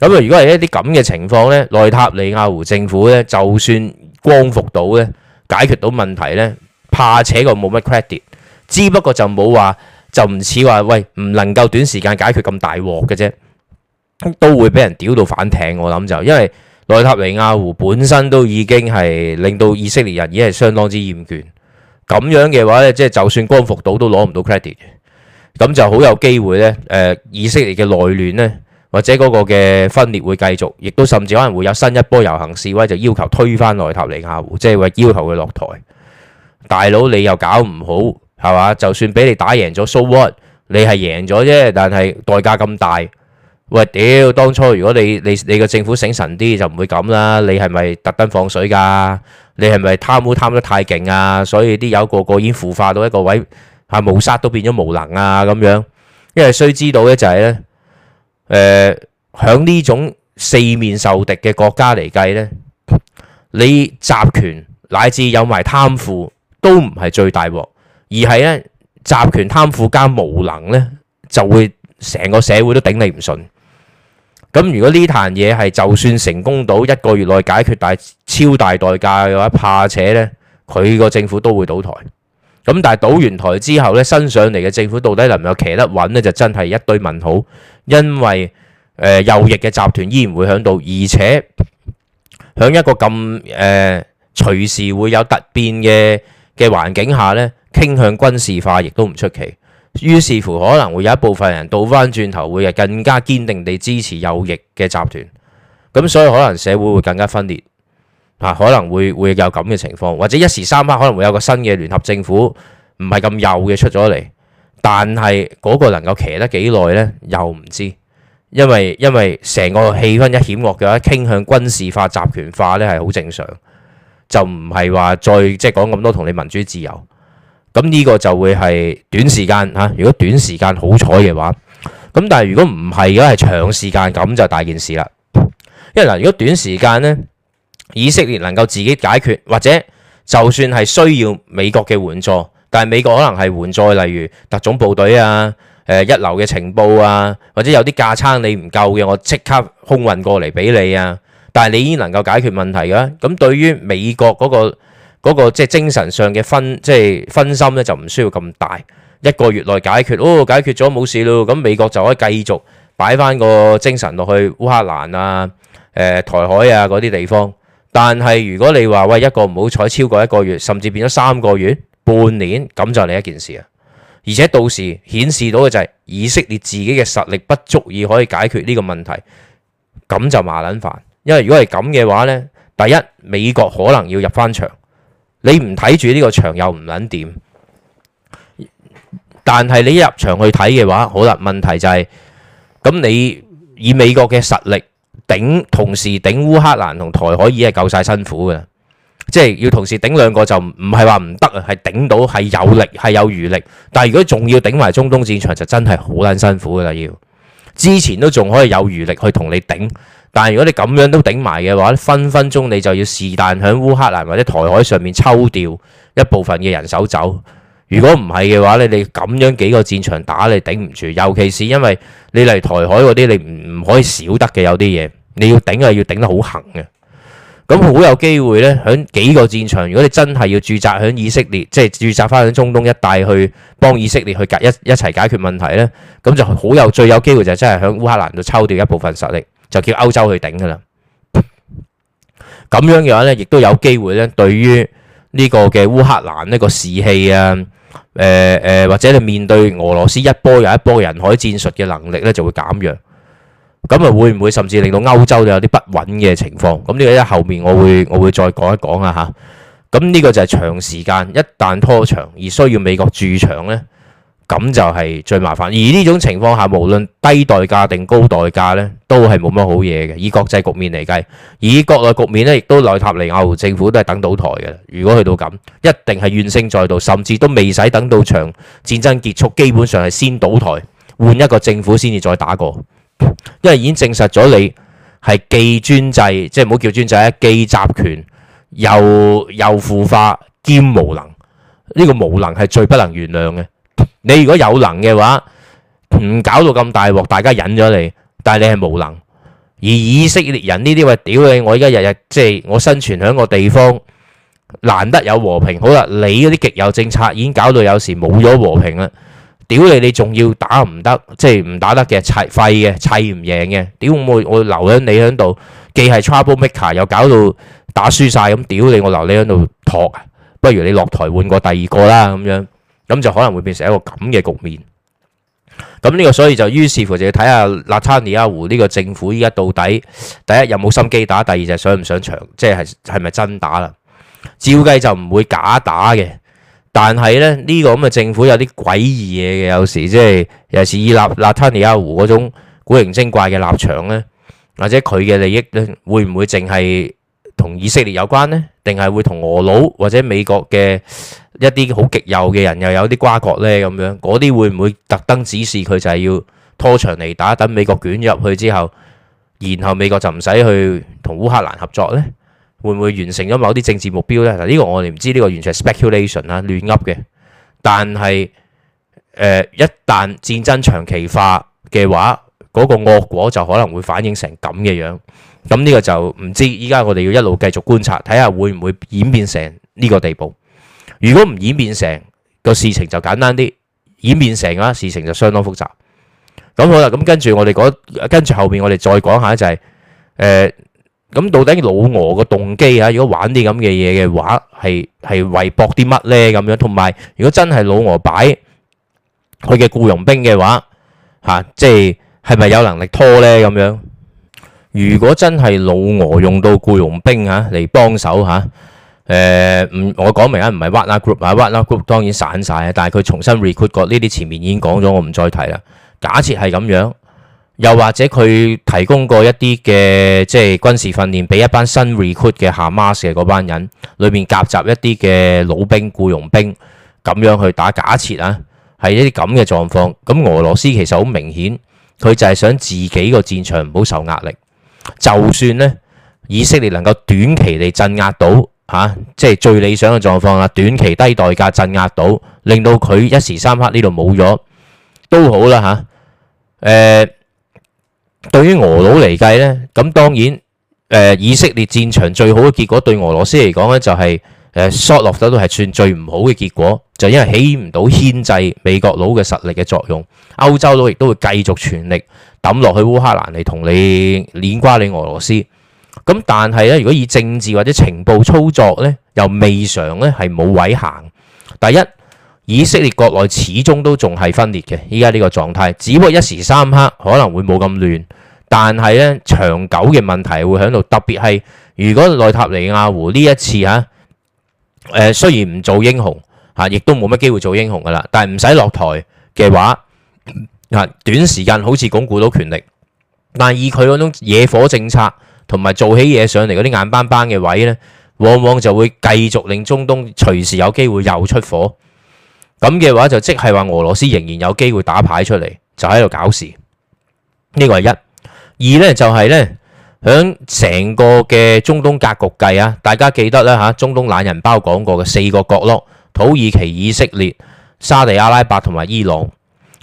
咁啊，如果係一啲咁嘅情況咧，內塔尼亞胡政府咧就算光復到咧，解決到問題咧，怕且個冇乜 credit，只不過就冇話，就唔似話，喂，唔能夠短時間解決咁大鑊嘅啫，都會俾人屌到反艇。我諗就因為內塔尼亞胡本身都已經係令到以色列人已經係相當之厭倦，咁樣嘅話呢，即係就算光復島都攞唔到 credit。咁就好有機會呢，誒、呃、以色列嘅內亂呢，或者嗰個嘅分裂會繼續，亦都甚至可能會有新一波遊行示威，就要求推翻內塔尼亞胡，即係話要求佢落台。大佬你又搞唔好。係嘛？就算俾你打贏咗，so what？你係贏咗啫，但係代價咁大，喂屌！當初如果你你你個政府醒神啲，就唔會咁啦。你係咪特登放水噶？你係咪貪污貪得太勁啊？所以啲友個個已經腐化到一個位，吓冇殺都變咗無能啊！咁樣，因為需知道咧就係、是、咧，誒、呃，響呢種四面受敵嘅國家嚟計咧，你集權乃至有埋貪腐都唔係最大鑊。而係咧，集權貪腐加無能咧，就會成個社會都頂你唔順。咁如果呢壇嘢係就算成功到一個月內解決大，但係超大代價嘅話，怕且咧佢個政府都會倒台。咁但係倒完台之後咧，新上嚟嘅政府到底能唔能企得穩咧？就真係一堆問號。因為誒右翼嘅集團依然會響度，而且響一個咁誒隨時會有突變嘅嘅環境下咧。傾向軍事化，亦都唔出奇。於是乎可能會有一部分人倒翻轉頭，會係更加堅定地支持右翼嘅集團。咁所以可能社會會更加分裂，嚇可能會會有咁嘅情況，或者一時三刻可能會有個新嘅聯合政府，唔係咁右嘅出咗嚟。但係嗰個能夠騎得幾耐呢，又唔知，因為因為成個氣氛一險惡嘅話，傾向軍事化、集權化呢係好正常，就唔係話再即係講咁多同你民主自由。咁呢個就會係短時間嚇，如果短時間好彩嘅話，咁但係如果唔係，而家係長時間咁就大件事啦。因為嗱，如果短時間呢，以色列能夠自己解決，或者就算係需要美國嘅援助，但係美國可能係援助，例如特種部隊啊，誒一流嘅情報啊，或者有啲架撐你唔夠嘅，我即刻空運過嚟俾你啊，但係你已經能夠解決問題嘅。咁對於美國嗰個。嗰、那個即係精神上嘅分，即係分心咧，就唔需要咁大。一個月內解決，哦，解決咗冇事咯。咁美國就可以繼續擺翻個精神落去烏克蘭啊、誒、呃、台海啊嗰啲地方。但係如果你話喂一個唔好彩超過一個月，甚至變咗三個月、半年，咁就另一件事啊。而且到時顯示到嘅就係、是、以色列自己嘅實力不足以可以解決呢個問題，咁就麻撚煩。因為如果係咁嘅話咧，第一美國可能要入翻場。你唔睇住呢個場又唔捻點？但係你一入場去睇嘅話，好啦，問題就係咁，你以美國嘅實力頂，頂同時頂烏克蘭同台海已經係夠晒辛苦嘅，即係要同時頂兩個就唔係話唔得啊，係頂到係有力係有餘力，但係如果仲要頂埋中東戰場就真係好捻辛苦噶啦，要之前都仲可以有餘力去同你頂。但如果你咁樣都頂埋嘅話，分分鐘你就要是但喺烏克蘭或者台海上面抽調一部分嘅人手走。如果唔係嘅話咧，你咁樣幾個戰場打你頂唔住，尤其是因為你嚟台海嗰啲，你唔唔可以少得嘅有啲嘢，你要頂係要頂得好行嘅。咁好有機會呢，喺幾個戰場，如果你真係要駐紮喺以色列，即係駐紮返喺中東一帶去幫以色列去解一一齊解決問題呢，咁就好有最有機會就真係喺烏克蘭度抽調一部分實力。就叫歐洲去頂噶啦，咁樣嘅話咧，亦都有機會咧，對於呢個嘅烏克蘭呢個士氣啊，誒誒，或者你面對俄羅斯一波又一波人海戰術嘅能力咧，就會減弱。咁啊，會唔會甚至令到歐洲有啲不穩嘅情況？咁呢個喺後面我會我會再講一講啊嚇。咁呢個就係長時間一旦拖長而需要美國駐場咧。咁就係最麻煩，而呢種情況下，無論低代價定高代價呢，都係冇乜好嘢嘅。以國際局面嚟計，以國內局面呢，亦都內塔尼亞胡政府都係等倒台嘅。如果去到咁，一定係怨聲載道，甚至都未使等到場戰爭結束，基本上係先倒台，換一個政府先至再打過，因為已經證實咗你係既專制，即係唔好叫專制啊，既集權又又腐化兼無能。呢個無能係最不能原諒嘅。你如果有能嘅話，唔搞到咁大鑊，大家忍咗你。但係你係無能。而以色列人呢啲話：屌你，我而家日日即係、就是、我生存喺個地方，難得有和平。好啦，你嗰啲極右政策已經搞到有時冇咗和平啦。屌你，你仲要打唔得，即係唔打得嘅，砌廢嘅，砌唔贏嘅。屌會我留喺你喺度，既係 Trouble Maker 又搞到打輸晒咁。屌你，我留你喺度託，不如你落台換個第二個啦咁樣。咁就可能會變成一個咁嘅局面。咁呢個所以就於是乎就要睇下納塔尼亞胡呢個政府依家到底第一有冇心機打，第二就係想唔想場，即係係咪真打啦？照計就唔會假打嘅。但係咧呢個咁嘅政府有啲詭異嘢嘅，有時即係尤其是以納納塔尼亞胡嗰種古靈精怪嘅立場咧，或者佢嘅利益咧，會唔會淨係同以色列有關呢？定係會同俄魯或者美國嘅？一啲好極右嘅人又有啲瓜葛呢，咁樣嗰啲會唔會特登指示佢就係要拖長嚟打，等美國捲入去之後，然後美國就唔使去同烏克蘭合作呢？會唔會完成咗某啲政治目標呢？嗱，呢個我哋唔知，呢個完全係 speculation 啦，亂噏嘅。但係，呃，一旦戰爭長期化嘅話，嗰個惡果就可能會反映成咁嘅樣。咁呢個就唔知依家我哋要一路繼續觀察，睇下會唔會演變成呢個地步。如果唔演變成個事情就簡單啲，演變成啦事情就相當複雜。咁好啦，咁跟住我哋講，跟住後面我哋再講下就係誒，咁到底老俄個動機啊？如果玩啲咁嘅嘢嘅話，係係為博啲乜咧？咁樣同埋，如果真係老俄擺佢嘅僱傭兵嘅話，嚇，即係係咪有能力拖咧？咁樣如果真係老俄用到僱傭兵嚇嚟幫手嚇？誒，唔、呃、我講明啊，唔係 Wagner group，唔係 Wagner group，當然散晒啊。但係佢重新 recruit 過呢啲，前面已經講咗，我唔再提啦。假設係咁樣，又或者佢提供過一啲嘅即係軍事訓練俾一班新 recruit 嘅 Hamas 嘅嗰班人，裏面夾雜一啲嘅老兵僱傭兵咁樣去打。假設啊，係一啲咁嘅狀況，咁俄羅斯其實好明顯，佢就係想自己個戰場唔好受壓力。就算呢，以色列能夠短期地鎮壓到。吓、啊，即係最理想嘅狀況啊！短期低代價鎮壓到，令到佢一時三刻呢度冇咗都好啦吓。誒、啊呃，對於俄佬嚟計咧，咁當然誒、呃，以色列戰場最好嘅結果對俄羅斯嚟講咧，就係誒，縮落都係算最唔好嘅結果，就是，因為起唔到牽制美國佬嘅實力嘅作用。歐洲佬亦都會繼續全力抌落去烏克蘭嚟同你碾瓜你俄羅斯。咁但係咧，如果以政治或者情報操作咧，又未嘗咧係冇位行。第一，以色列國內始終都仲係分裂嘅，依家呢個狀態，只不過一時三刻可能會冇咁亂，但係咧長久嘅問題會喺度。特別係如果內塔尼亞胡呢一次嚇，誒、呃、雖然唔做英雄嚇，亦、啊、都冇乜機會做英雄㗎啦。但係唔使落台嘅話，嗱、啊、短時間好似鞏固到權力，但係以佢嗰種野火政策。同埋做起嘢上嚟嗰啲眼斑斑嘅位呢，往往就會繼續令中東隨時有機會又出火。咁嘅話就即係話俄羅斯仍然有機會打牌出嚟，就喺度搞事。呢個係一。二呢，就係呢，響成個嘅中東格局計啊，大家記得啦，嚇，中東懶人包講過嘅四個角落：土耳其、以色列、沙地阿拉伯同埋伊朗。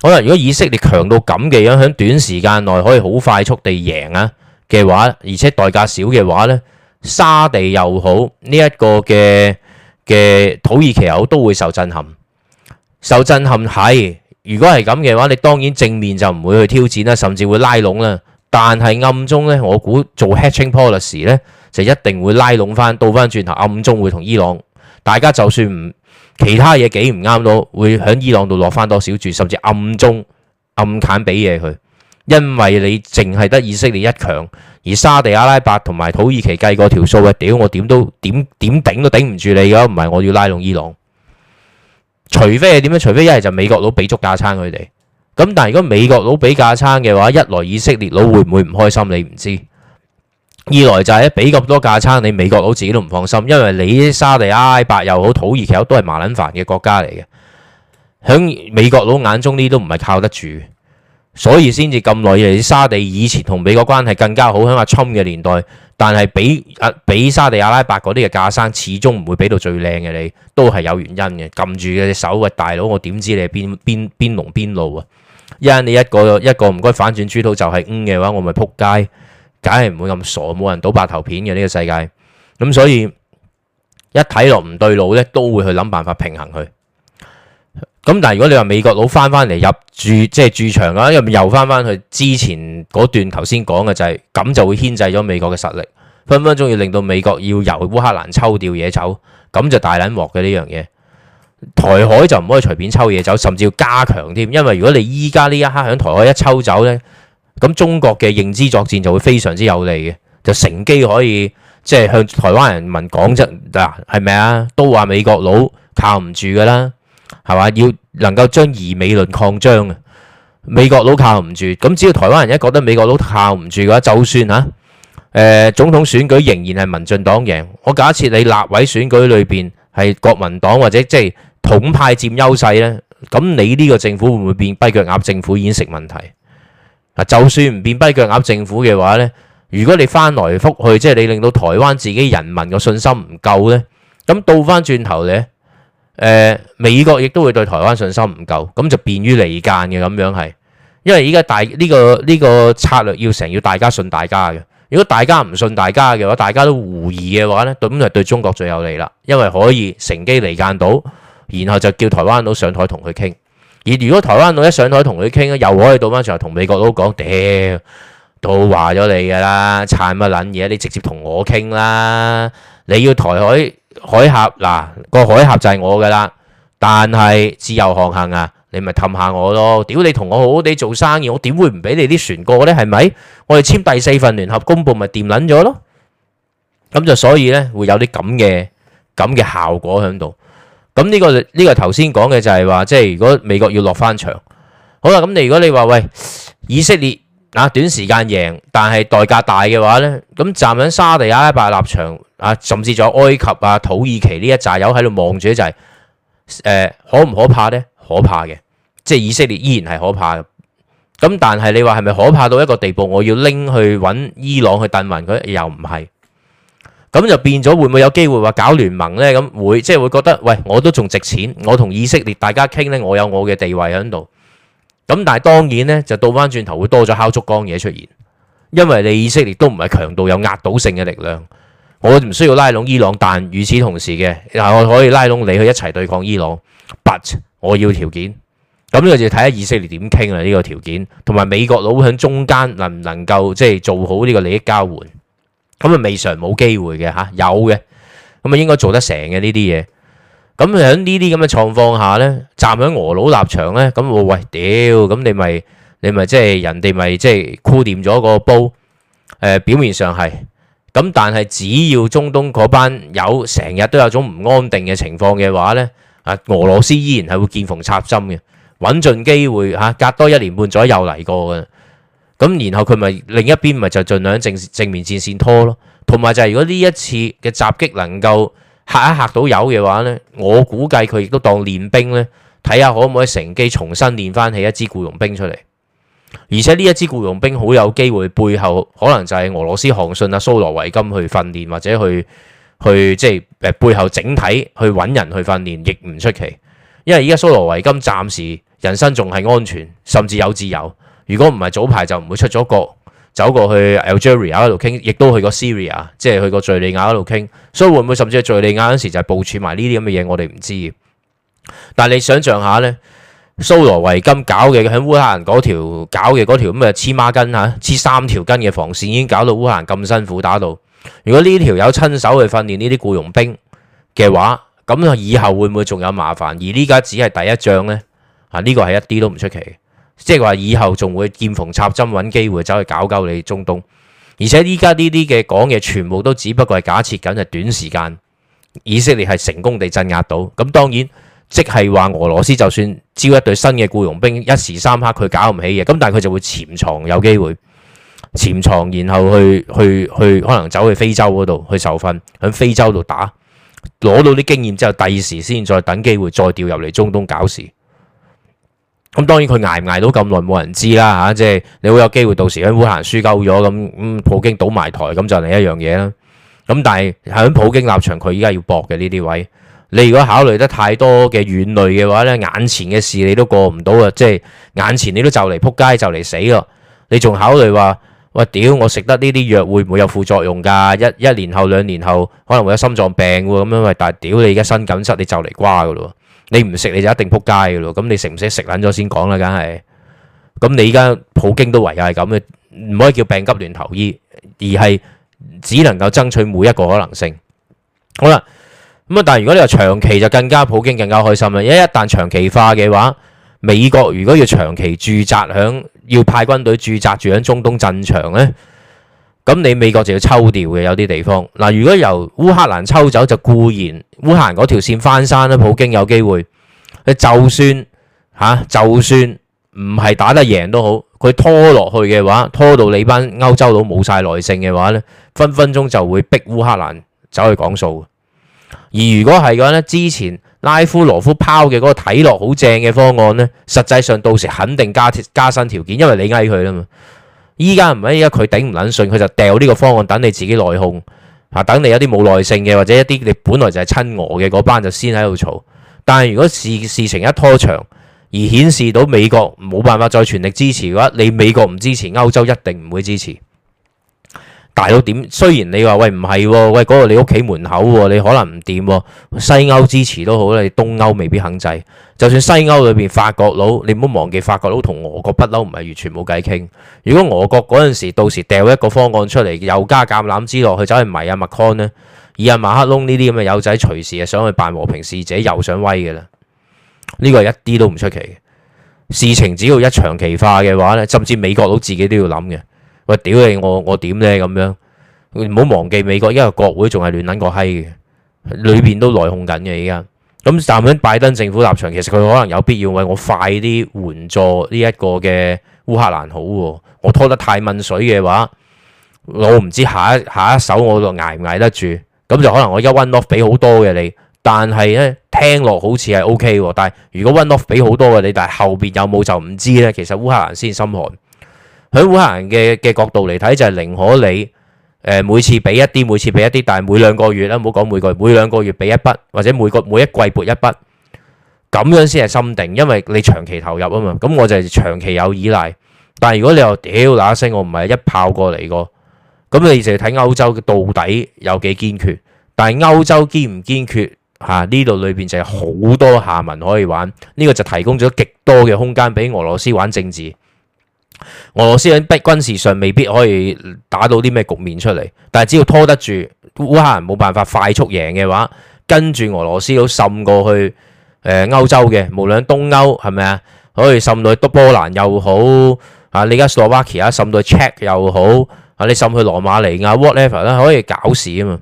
可能如果以色列強到咁嘅樣，喺短時間內可以好快速地贏啊嘅話，而且代價少嘅話呢，沙地又好，呢一個嘅嘅土耳其又都會受震撼，受震撼係。如果係咁嘅話，你當然正面就唔會去挑戰啦，甚至會拉攏啦。但係暗中呢，我估做 hatching policy 呢，就一定會拉攏翻，倒翻轉頭暗中會同伊朗大家就算唔其他嘢幾唔啱到，會喺伊朗度落翻多少注，甚至暗中暗砍俾嘢佢。因為你淨係得以色列一強，而沙地阿拉伯同埋土耳其計過條數，屌我點都點點頂都頂唔住你噶唔係我要拉攏伊朗，除非係點樣？除非一係就美國佬俾足架撐佢哋，咁但係如果美國佬俾架撐嘅話，一來以色列佬會唔會唔開心？你唔知，二來就係俾咁多架撐，你美國佬自己都唔放心，因為你沙地阿拉伯又好，土耳其又好，都係麻捻煩嘅國家嚟嘅，響美國佬眼中呢，都唔係靠得住。所以先至咁耐嚟，啲沙地，以前同美國關係更加好，喺阿侵嘅年代。但係比阿比沙地阿拉伯嗰啲嘅架生，始終唔會畀到最靚嘅你，都係有原因嘅。撳住你隻手嘅，大佬，我點知你係邊邊邊龍邊路啊？一係你一個一個唔該反轉豬肚就係唔嘅話，我咪撲街，梗係唔會咁傻，冇人賭白頭片嘅呢個世界。咁所以一睇落唔對路呢，都會去諗辦法平衡佢。咁但係如果你話美國佬翻翻嚟入駐，即係駐場啊，又翻翻去之前嗰段頭先講嘅就係、是、咁就會牽制咗美國嘅實力，分分鐘要令到美國要由烏克蘭抽掉嘢走，咁就大捻鑊嘅呢樣嘢。台海就唔可以隨便抽嘢走，甚至要加強添，因為如果你依家呢一刻喺台海一抽走呢，咁中國嘅認知作戰就會非常之有利嘅，就乘機可以即係、就是、向台灣人民講出，嗱係咪啊？都話美國佬靠唔住噶啦。係嘛？要能夠將疑美論擴張啊！美國佬靠唔住，咁只要台灣人一覺得美國佬靠唔住嘅話，就算吓，誒，總統選舉仍然係民進黨贏。我假設你立委選舉裏邊係國民黨或者即係統派佔優勢咧，咁你呢個政府會唔會變跛腳鴨政府已經成問題。啊，就算唔變跛腳鴨政府嘅話咧，如果你翻來覆去，即係你令到台灣自己人民嘅信心唔夠咧，咁倒翻轉頭咧。誒美國亦都會對台灣信心唔夠，咁就便於離間嘅咁樣係，因為依家大呢、呢個呢、呢個策略要成要大家信大家嘅，如果大家唔信大家嘅話，大家都狐疑嘅話咧，咁就對中國最有利啦，因為可以乘機離間到，然後就叫台灣佬上台同佢傾，而如果台灣佬一上台同佢傾，又可以倒翻上嚟同美國佬講，屌都話咗你㗎啦，殘乜撚嘢，你直接同我傾啦，你要台海。海峽嗱，個海峽就係我噶啦，但係自由航行啊，你咪氹下我咯。屌你同我好好地做生意，我點會唔俾你啲船過咧？係咪？我哋簽第四份聯合公報咪掂捻咗咯。咁就所以咧，會有啲咁嘅咁嘅效果喺度。咁呢個呢個頭先講嘅就係話，即係如果美國要落翻場，好啦，咁你如果你話喂，以色列啊短時間贏，但係代價大嘅話咧，咁站喺沙地阿拉伯立場。啊，甚至仲有埃及啊、土耳其呢一扎友喺度望住咧，就係誒可唔可怕呢？可怕嘅，即係以色列依然係可怕。咁但係你話係咪可怕到一個地步？我要拎去揾伊朗去掙混佢，又唔係咁，就變咗會唔會有機會話搞聯盟呢？咁會即係會覺得喂，我都仲值錢，我同以色列大家傾呢，我有我嘅地位喺度。咁但係當然呢，就倒翻轉頭會多咗敲竹槓嘢出現，因為你以色列都唔係強度有壓倒性嘅力量。我唔需要拉攏伊朗，但與此同時嘅，嗱我可以拉攏你去一齊對抗伊朗。But 我要條件，咁呢個就睇下以色列點傾啦。呢、這個條件同埋美國佬喺中間能唔能夠即係做好呢個利益交換，咁啊未嘗冇機會嘅吓、啊，有嘅，咁啊應該做得成嘅呢啲嘢。咁喺呢啲咁嘅狀況下呢，站喺俄佬立場呢，咁我喂屌，咁你咪你咪即係人哋咪即係箍掂咗個煲，誒、呃、表面上係。咁但係只要中東嗰班友成日都有種唔安定嘅情況嘅話呢，啊俄羅斯依然係會見縫插針嘅，揾盡機會嚇隔多一年半左右又嚟過嘅。咁然後佢咪另一邊咪就盡量正正面戰線拖咯，同埋就係如果呢一次嘅襲擊能夠嚇一嚇到友嘅話呢，我估計佢亦都當練兵呢，睇下可唔可以乘機重新練翻起一支僱傭兵出嚟。而且呢一支雇傭兵好有機會背後可能就係俄羅斯航信啊、蘇羅維金去訓練或者去去即係誒背後整體去揾人去訓練亦唔出奇，因為依家蘇羅維金暫時人身仲係安全，甚至有自由。如果唔係早排就唔會出咗國走過去 Algeria 嗰度傾，亦都去過 Syria，即係去過敘利亞嗰度傾。所以會唔會甚至喺敘利亞嗰時就係部署埋呢啲咁嘅嘢，我哋唔知。但係你想象下呢。蘇羅維金搞嘅喺烏克蘭嗰條搞嘅嗰條咁嘅黐孖筋吓，黐三條筋嘅防線已經搞到烏克蘭咁辛苦打到。如果呢條友親手去訓練呢啲僱傭兵嘅話，咁以後會唔會仲有麻煩？而呢家只係第一仗呢，啊呢個係一啲都唔出奇嘅，即係話以後仲會見縫插針揾機會走去搞搞你中東。而且依家呢啲嘅講嘢全部都只不過係假設緊，係短時間以色列係成功地鎮壓到。咁當然。即係話俄羅斯就算招一隊新嘅僱傭兵，一時三刻佢搞唔起嘢，咁但係佢就會潛藏有機會潛藏，然後去去去可能走去非洲嗰度去受訓，喺非洲度打攞到啲經驗之後，第二時先再等機會再調入嚟中東搞事。咁當然佢捱唔捱到咁耐，冇人知啦嚇，即係你會有機會到時喺烏克蘭輸鳩咗，咁普京倒埋台，咁就另一樣嘢啦。咁但係喺普京立場，佢依家要搏嘅呢啲位。你如果考慮得太多嘅遠慮嘅話咧，眼前嘅事你都過唔到啊！即係眼前你都就嚟撲街就嚟死咯，你仲考慮話喂，屌我食得呢啲藥會唔會有副作用㗎？一一年後兩年後可能會有心臟病喎，咁樣喂，但係屌你而家身緊塞你就嚟瓜㗎咯，你唔食你就一定撲街㗎咯，咁你食唔食，食撚咗先講啦，梗係咁，你依家普京都唯有係咁嘅，唔可以叫病急亂投醫，而係只能夠爭取每一個可能性。好啦。咁啊！但係如果你話長期就更加普京更加開心啦。因為一旦長期化嘅話，美國如果要長期駐紮響，要派軍隊駐紮住喺中東陣場咧，咁你美國就要抽調嘅有啲地方嗱。如果由烏克蘭抽走，就固然烏克蘭嗰條線翻山啦。普京有機會佢就算嚇，就算唔係、啊、打得贏都好，佢拖落去嘅話，拖到你班歐洲佬冇晒耐性嘅話咧，分分鐘就會逼烏克蘭走去講數。而如果係嘅話咧，之前拉夫羅夫拋嘅嗰個睇落好正嘅方案呢，實際上到時肯定加加薪條件，因為你嗌佢啦嘛。依家唔係，依家佢頂唔撚順，佢就掉呢個方案等你自己內訌啊，等你有啲冇耐性嘅或者一啲你本來就係親俄嘅嗰班就先喺度嘈。但係如果事事情一拖長而顯示到美國冇辦法再全力支持嘅話，你美國唔支持，歐洲一定唔會支持。大佬點？雖然你話喂唔係喎，喂嗰度你屋企門口喎，你可能唔掂喎。西歐支持都好，你東歐未必肯制。就算西歐裏邊法國佬，你唔好忘記法國佬同俄國不嬲唔係完全冇偈傾。如果俄國嗰陣時到時掉一個方案出嚟，又加橄欖枝落去，走去迷阿麥康呢？而阿馬克隆呢啲咁嘅友仔隨時係想去扮和平使者，又想威嘅啦。呢個一啲都唔出奇。事情只要一長期化嘅話咧，甚至美國佬自己都要諗嘅。我屌你，我我點咧咁樣？唔好忘記美國，因為國會仲係亂撚個閪嘅，裏邊都內訌緊嘅而家。咁站喺拜登政府立場，其實佢可能有必要為我快啲援助呢一個嘅烏克蘭好。我拖得太文水嘅話，我唔知下一下一手我捱唔捱得住。咁就可能我而家 one off 俾好多嘅你，但係咧聽落好似係 OK 喎。但係如果 one off 俾好多嘅你，但係後邊有冇就唔知咧。其實烏克蘭先心寒。喺烏克蘭嘅嘅角度嚟睇，就係、是、寧可你誒每次俾一啲，每次俾一啲，但係每兩個月咧，唔好講每個月，每兩個月俾一筆，或者每個每一季撥一筆，咁樣先係心定，因為你長期投入啊嘛。咁我就係長期有依賴。但係如果你又屌嗱聲，我唔係一炮過嚟㗎，咁你就要睇歐洲到底有幾堅決。但係歐洲堅唔堅決吓？呢度裏邊就係好多下文可以玩。呢、這個就提供咗極多嘅空間俾俄羅斯玩政治。俄羅斯喺逼軍事上未必可以打到啲咩局面出嚟，但係只要拖得住烏克蘭冇辦法快速贏嘅話，跟住俄羅斯都滲過去誒歐洲嘅，無論東歐係咪啊，可以滲到去德波蘭又好啊，你而家斯洛伐克啊滲到去 check 又好啊，你滲去羅馬尼亞 whatever 啦，可以搞事啊嘛，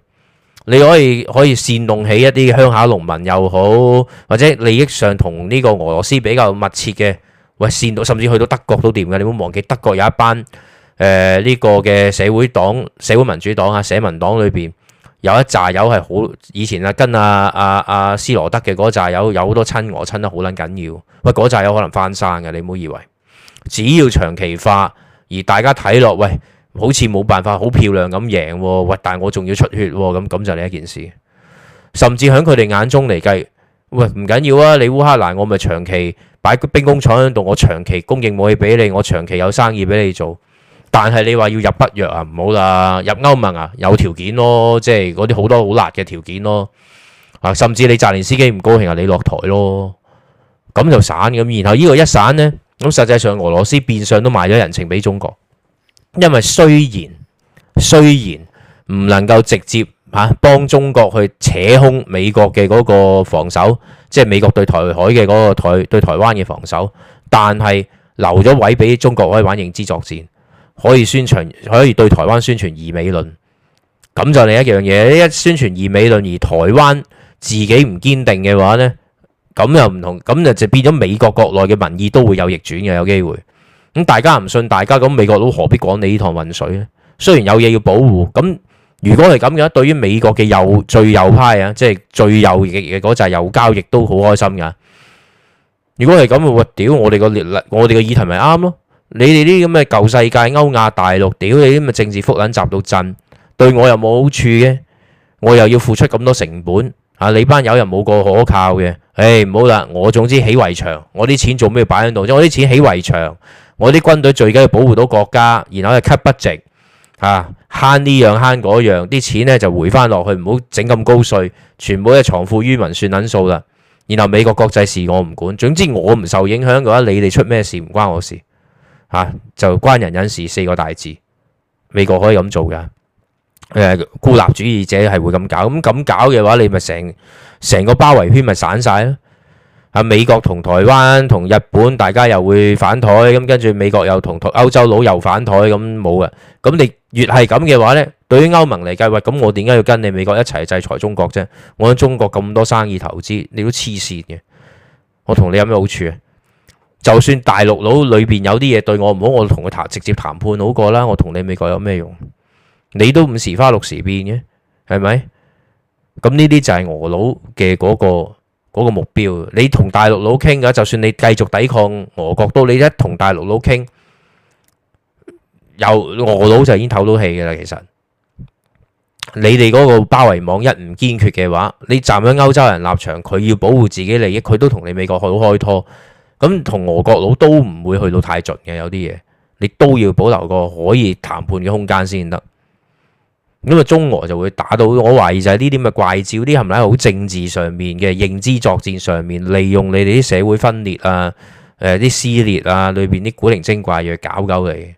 你可以可以煽動起一啲鄉下農民又好，或者利益上同呢個俄羅斯比較密切嘅。喂，到甚至去到德國都掂嘅，你唔好忘記德國有一班誒呢個嘅社會黨、社會民主黨啊、社民黨裏邊有一紮友係好以前啊跟啊啊啊施羅德嘅嗰扎友，有好多親俄親得好撚緊要。喂，嗰扎友可能翻生嘅，你唔好以為只要長期化而大家睇落喂，好似冇辦法好漂亮咁贏喎。喂，但係我仲要出血喎。咁咁就係一件事，甚至喺佢哋眼中嚟計，喂，唔緊要啊，你烏克蘭我咪長期。擺個兵工廠喺度，我長期供應武器俾你，我長期有生意俾你做。但係你話要入北約啊，唔好啦，入歐盟啊，有條件咯，即係嗰啲好多好辣嘅條件咯。啊，甚至你澤連斯基唔高興啊，你落台咯，咁就散咁。然後呢個一散呢，咁實際上俄羅斯變相都賣咗人情俾中國，因為雖然雖然唔能夠直接。嚇、啊，幫中國去扯空美國嘅嗰個防守，即係美國對台海嘅嗰、嗰個台對台灣嘅防守，但係留咗位俾中國可以玩認知作戰，可以宣傳，可以對台灣宣傳疑美論。咁就另一樣嘢，一宣傳疑美論，而台灣自己唔堅定嘅話呢，咁又唔同，咁就就變咗美國國內嘅民意都會有逆轉嘅，有機會。咁大家唔信大家，咁美國佬何必講你呢趟混水呢？雖然有嘢要保護，咁。如果係咁樣，對於美國嘅右最右派啊，即係最右翼嘅嗰陣右交易都好開心噶如果係咁，我屌我哋個列我哋個議題咪啱咯？你哋啲咁嘅舊世界歐亞大陸屌你啲咁嘅政治複捻雜到震，對我又冇好處嘅，我又要付出咁多成本啊！你班友又冇個可靠嘅，唉唔好啦，我總之起圍牆，我啲錢做咩擺喺度？即係我啲錢起圍牆，我啲軍隊最緊要保護到國家，然後就吸北直。啊，慳呢樣慳嗰樣，啲錢咧就回翻落去，唔好整咁高稅，全部都係藏富於民算好數啦。然後美國國際事我唔管，總之我唔受影響嘅話，你哋出咩事唔關我事，吓、啊、就關人人事四個大字。美國可以咁做噶誒、呃，孤立主義者係會咁搞，咁咁搞嘅話，你咪成成個包圍圈咪散晒咯。啊！美國同台灣同日本，大家又會反台，咁跟住美國又同歐洲佬又反台，咁冇嘅。咁你越係咁嘅話呢，對於歐盟嚟計，喂，咁我點解要跟你美國一齊制裁中國啫？我喺中國咁多生意投資，你都黐線嘅。我同你有咩好處啊？就算大陸佬裏邊有啲嘢對我唔好，我同佢談直接談判好過啦。我同你美國有咩用？你都五時花六時變嘅，係咪？咁呢啲就係俄佬嘅嗰個。嗰個目標，你同大陸佬傾嘅，就算你繼續抵抗俄國都，你一同大陸佬傾，有俄佬就已經透到氣嘅啦。其實你哋嗰個包圍網一唔堅決嘅話，你站喺歐洲人立場，佢要保護自己利益，佢都同你美國佬開拖，咁同俄國佬都唔會去到太盡嘅，有啲嘢你都要保留個可以談判嘅空間先得。咁啊，中俄就會打到，我懷疑就係呢啲咁嘅怪招，啲係咪喺好政治上面嘅認知作戰上面，利用你哋啲社會分裂啊，誒，啲撕裂啊，裏邊啲古靈精怪嘢搞搞嚟嘅。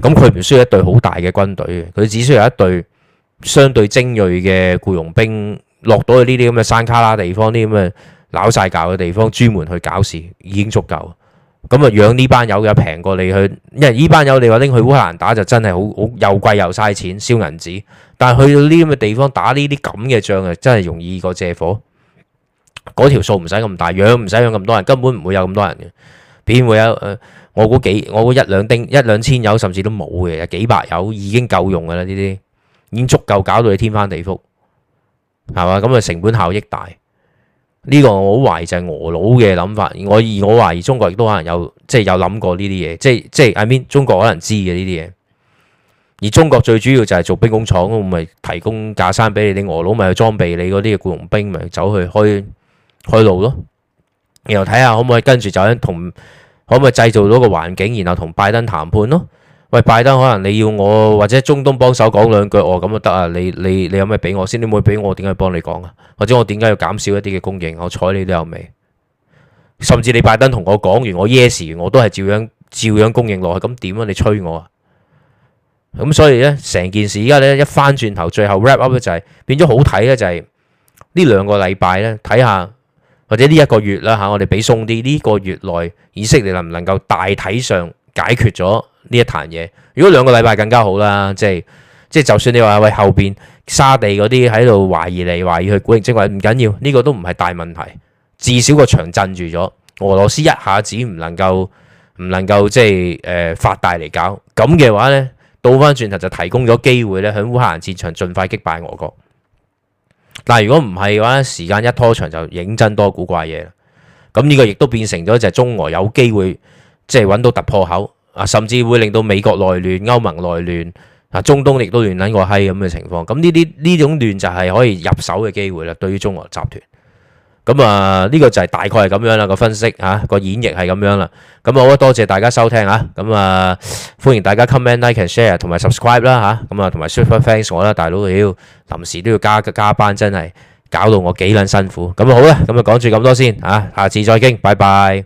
咁佢唔需要一隊好大嘅軍隊，佢只需要一隊相對精銳嘅僱傭兵，落到去呢啲咁嘅山卡拉地方，啲咁嘅鬧晒交嘅地方，專門去搞事，已經足夠。咁啊，養呢班友又平過你去，因為呢班友你話拎去烏克蘭打就真係好好又貴又嘥錢燒銀紙，但係去到呢啲咁嘅地方打呢啲咁嘅仗啊，真係容易過借火。嗰條數唔使咁大，養唔使養咁多人，根本唔會有咁多人嘅，邊會有？我估幾，我估一兩丁，一兩千友甚至都冇嘅，幾百友已經夠用㗎喇，呢啲已經足夠搞到你天翻地覆，係嘛？咁啊，成本效益大。呢個我好懷疑就係俄佬嘅諗法，我而我懷疑中國亦都可能有即係有諗過呢啲嘢，即係即係 I mean 中國可能知嘅呢啲嘢，而中國最主要就係做兵工廠，唔咪提供架生俾你，啲俄佬咪去裝備你嗰啲僱傭兵，咪、就是、走去開開路咯，然後睇下可唔可以跟住就同可唔可以製造到個環境，然後同拜登談判咯。喂，拜登可能你要我或者中東幫手講兩句哦，咁就得啊，你你你有咩俾我先？你唔會俾我，點解幫你講啊？或者我點解要減少一啲嘅供應？我睬你都有味，甚至你拜登同我講完我，我 yes 完，我都係照樣照樣供應落去，咁點啊？你催我啊？咁所以呢，成件事而家咧一翻轉頭，最後 wrap up 就係、是、變咗好睇咧就係、是、呢兩個禮拜呢，睇下或者呢一個月啦吓、啊，我哋俾鬆啲呢個月內以色列能唔能夠大體上解決咗？呢一壇嘢，如果兩個禮拜更加好啦，即係即係，即係、就算你話喂後邊沙地嗰啲喺度懷疑你懷疑佢古靈精怪，唔、即係、緊要，呢、呢個都唔係大問題。至少個場震住咗，俄羅斯一下子唔能夠唔能夠即係誒發大嚟搞，咁嘅話呢，倒翻轉頭就提供咗機會咧，喺烏克蘭戰場盡快擊敗俄國。但係如果唔係嘅話，時間一拖長就認真多古怪嘢。咁呢個亦都變成咗就中俄有機會即係揾到突破口。啊，甚至會令到美國內亂、歐盟內亂，啊，中東亦都亂捻過閪咁嘅情況。咁呢啲呢種亂就係可以入手嘅機會啦，對於中俄集團。咁啊，呢個就係大概係咁樣啦個分析吓，個演繹係咁樣啦。咁啊，好多謝大家收聽吓。咁啊，歡迎大家 comment、like、share 同埋 subscribe 啦吓。咁啊，同埋 super thanks 我啦，大佬，要臨時都要加加班，真係搞到我幾捻辛苦。咁好啦，咁啊講住咁多先吓，下次再傾，拜拜。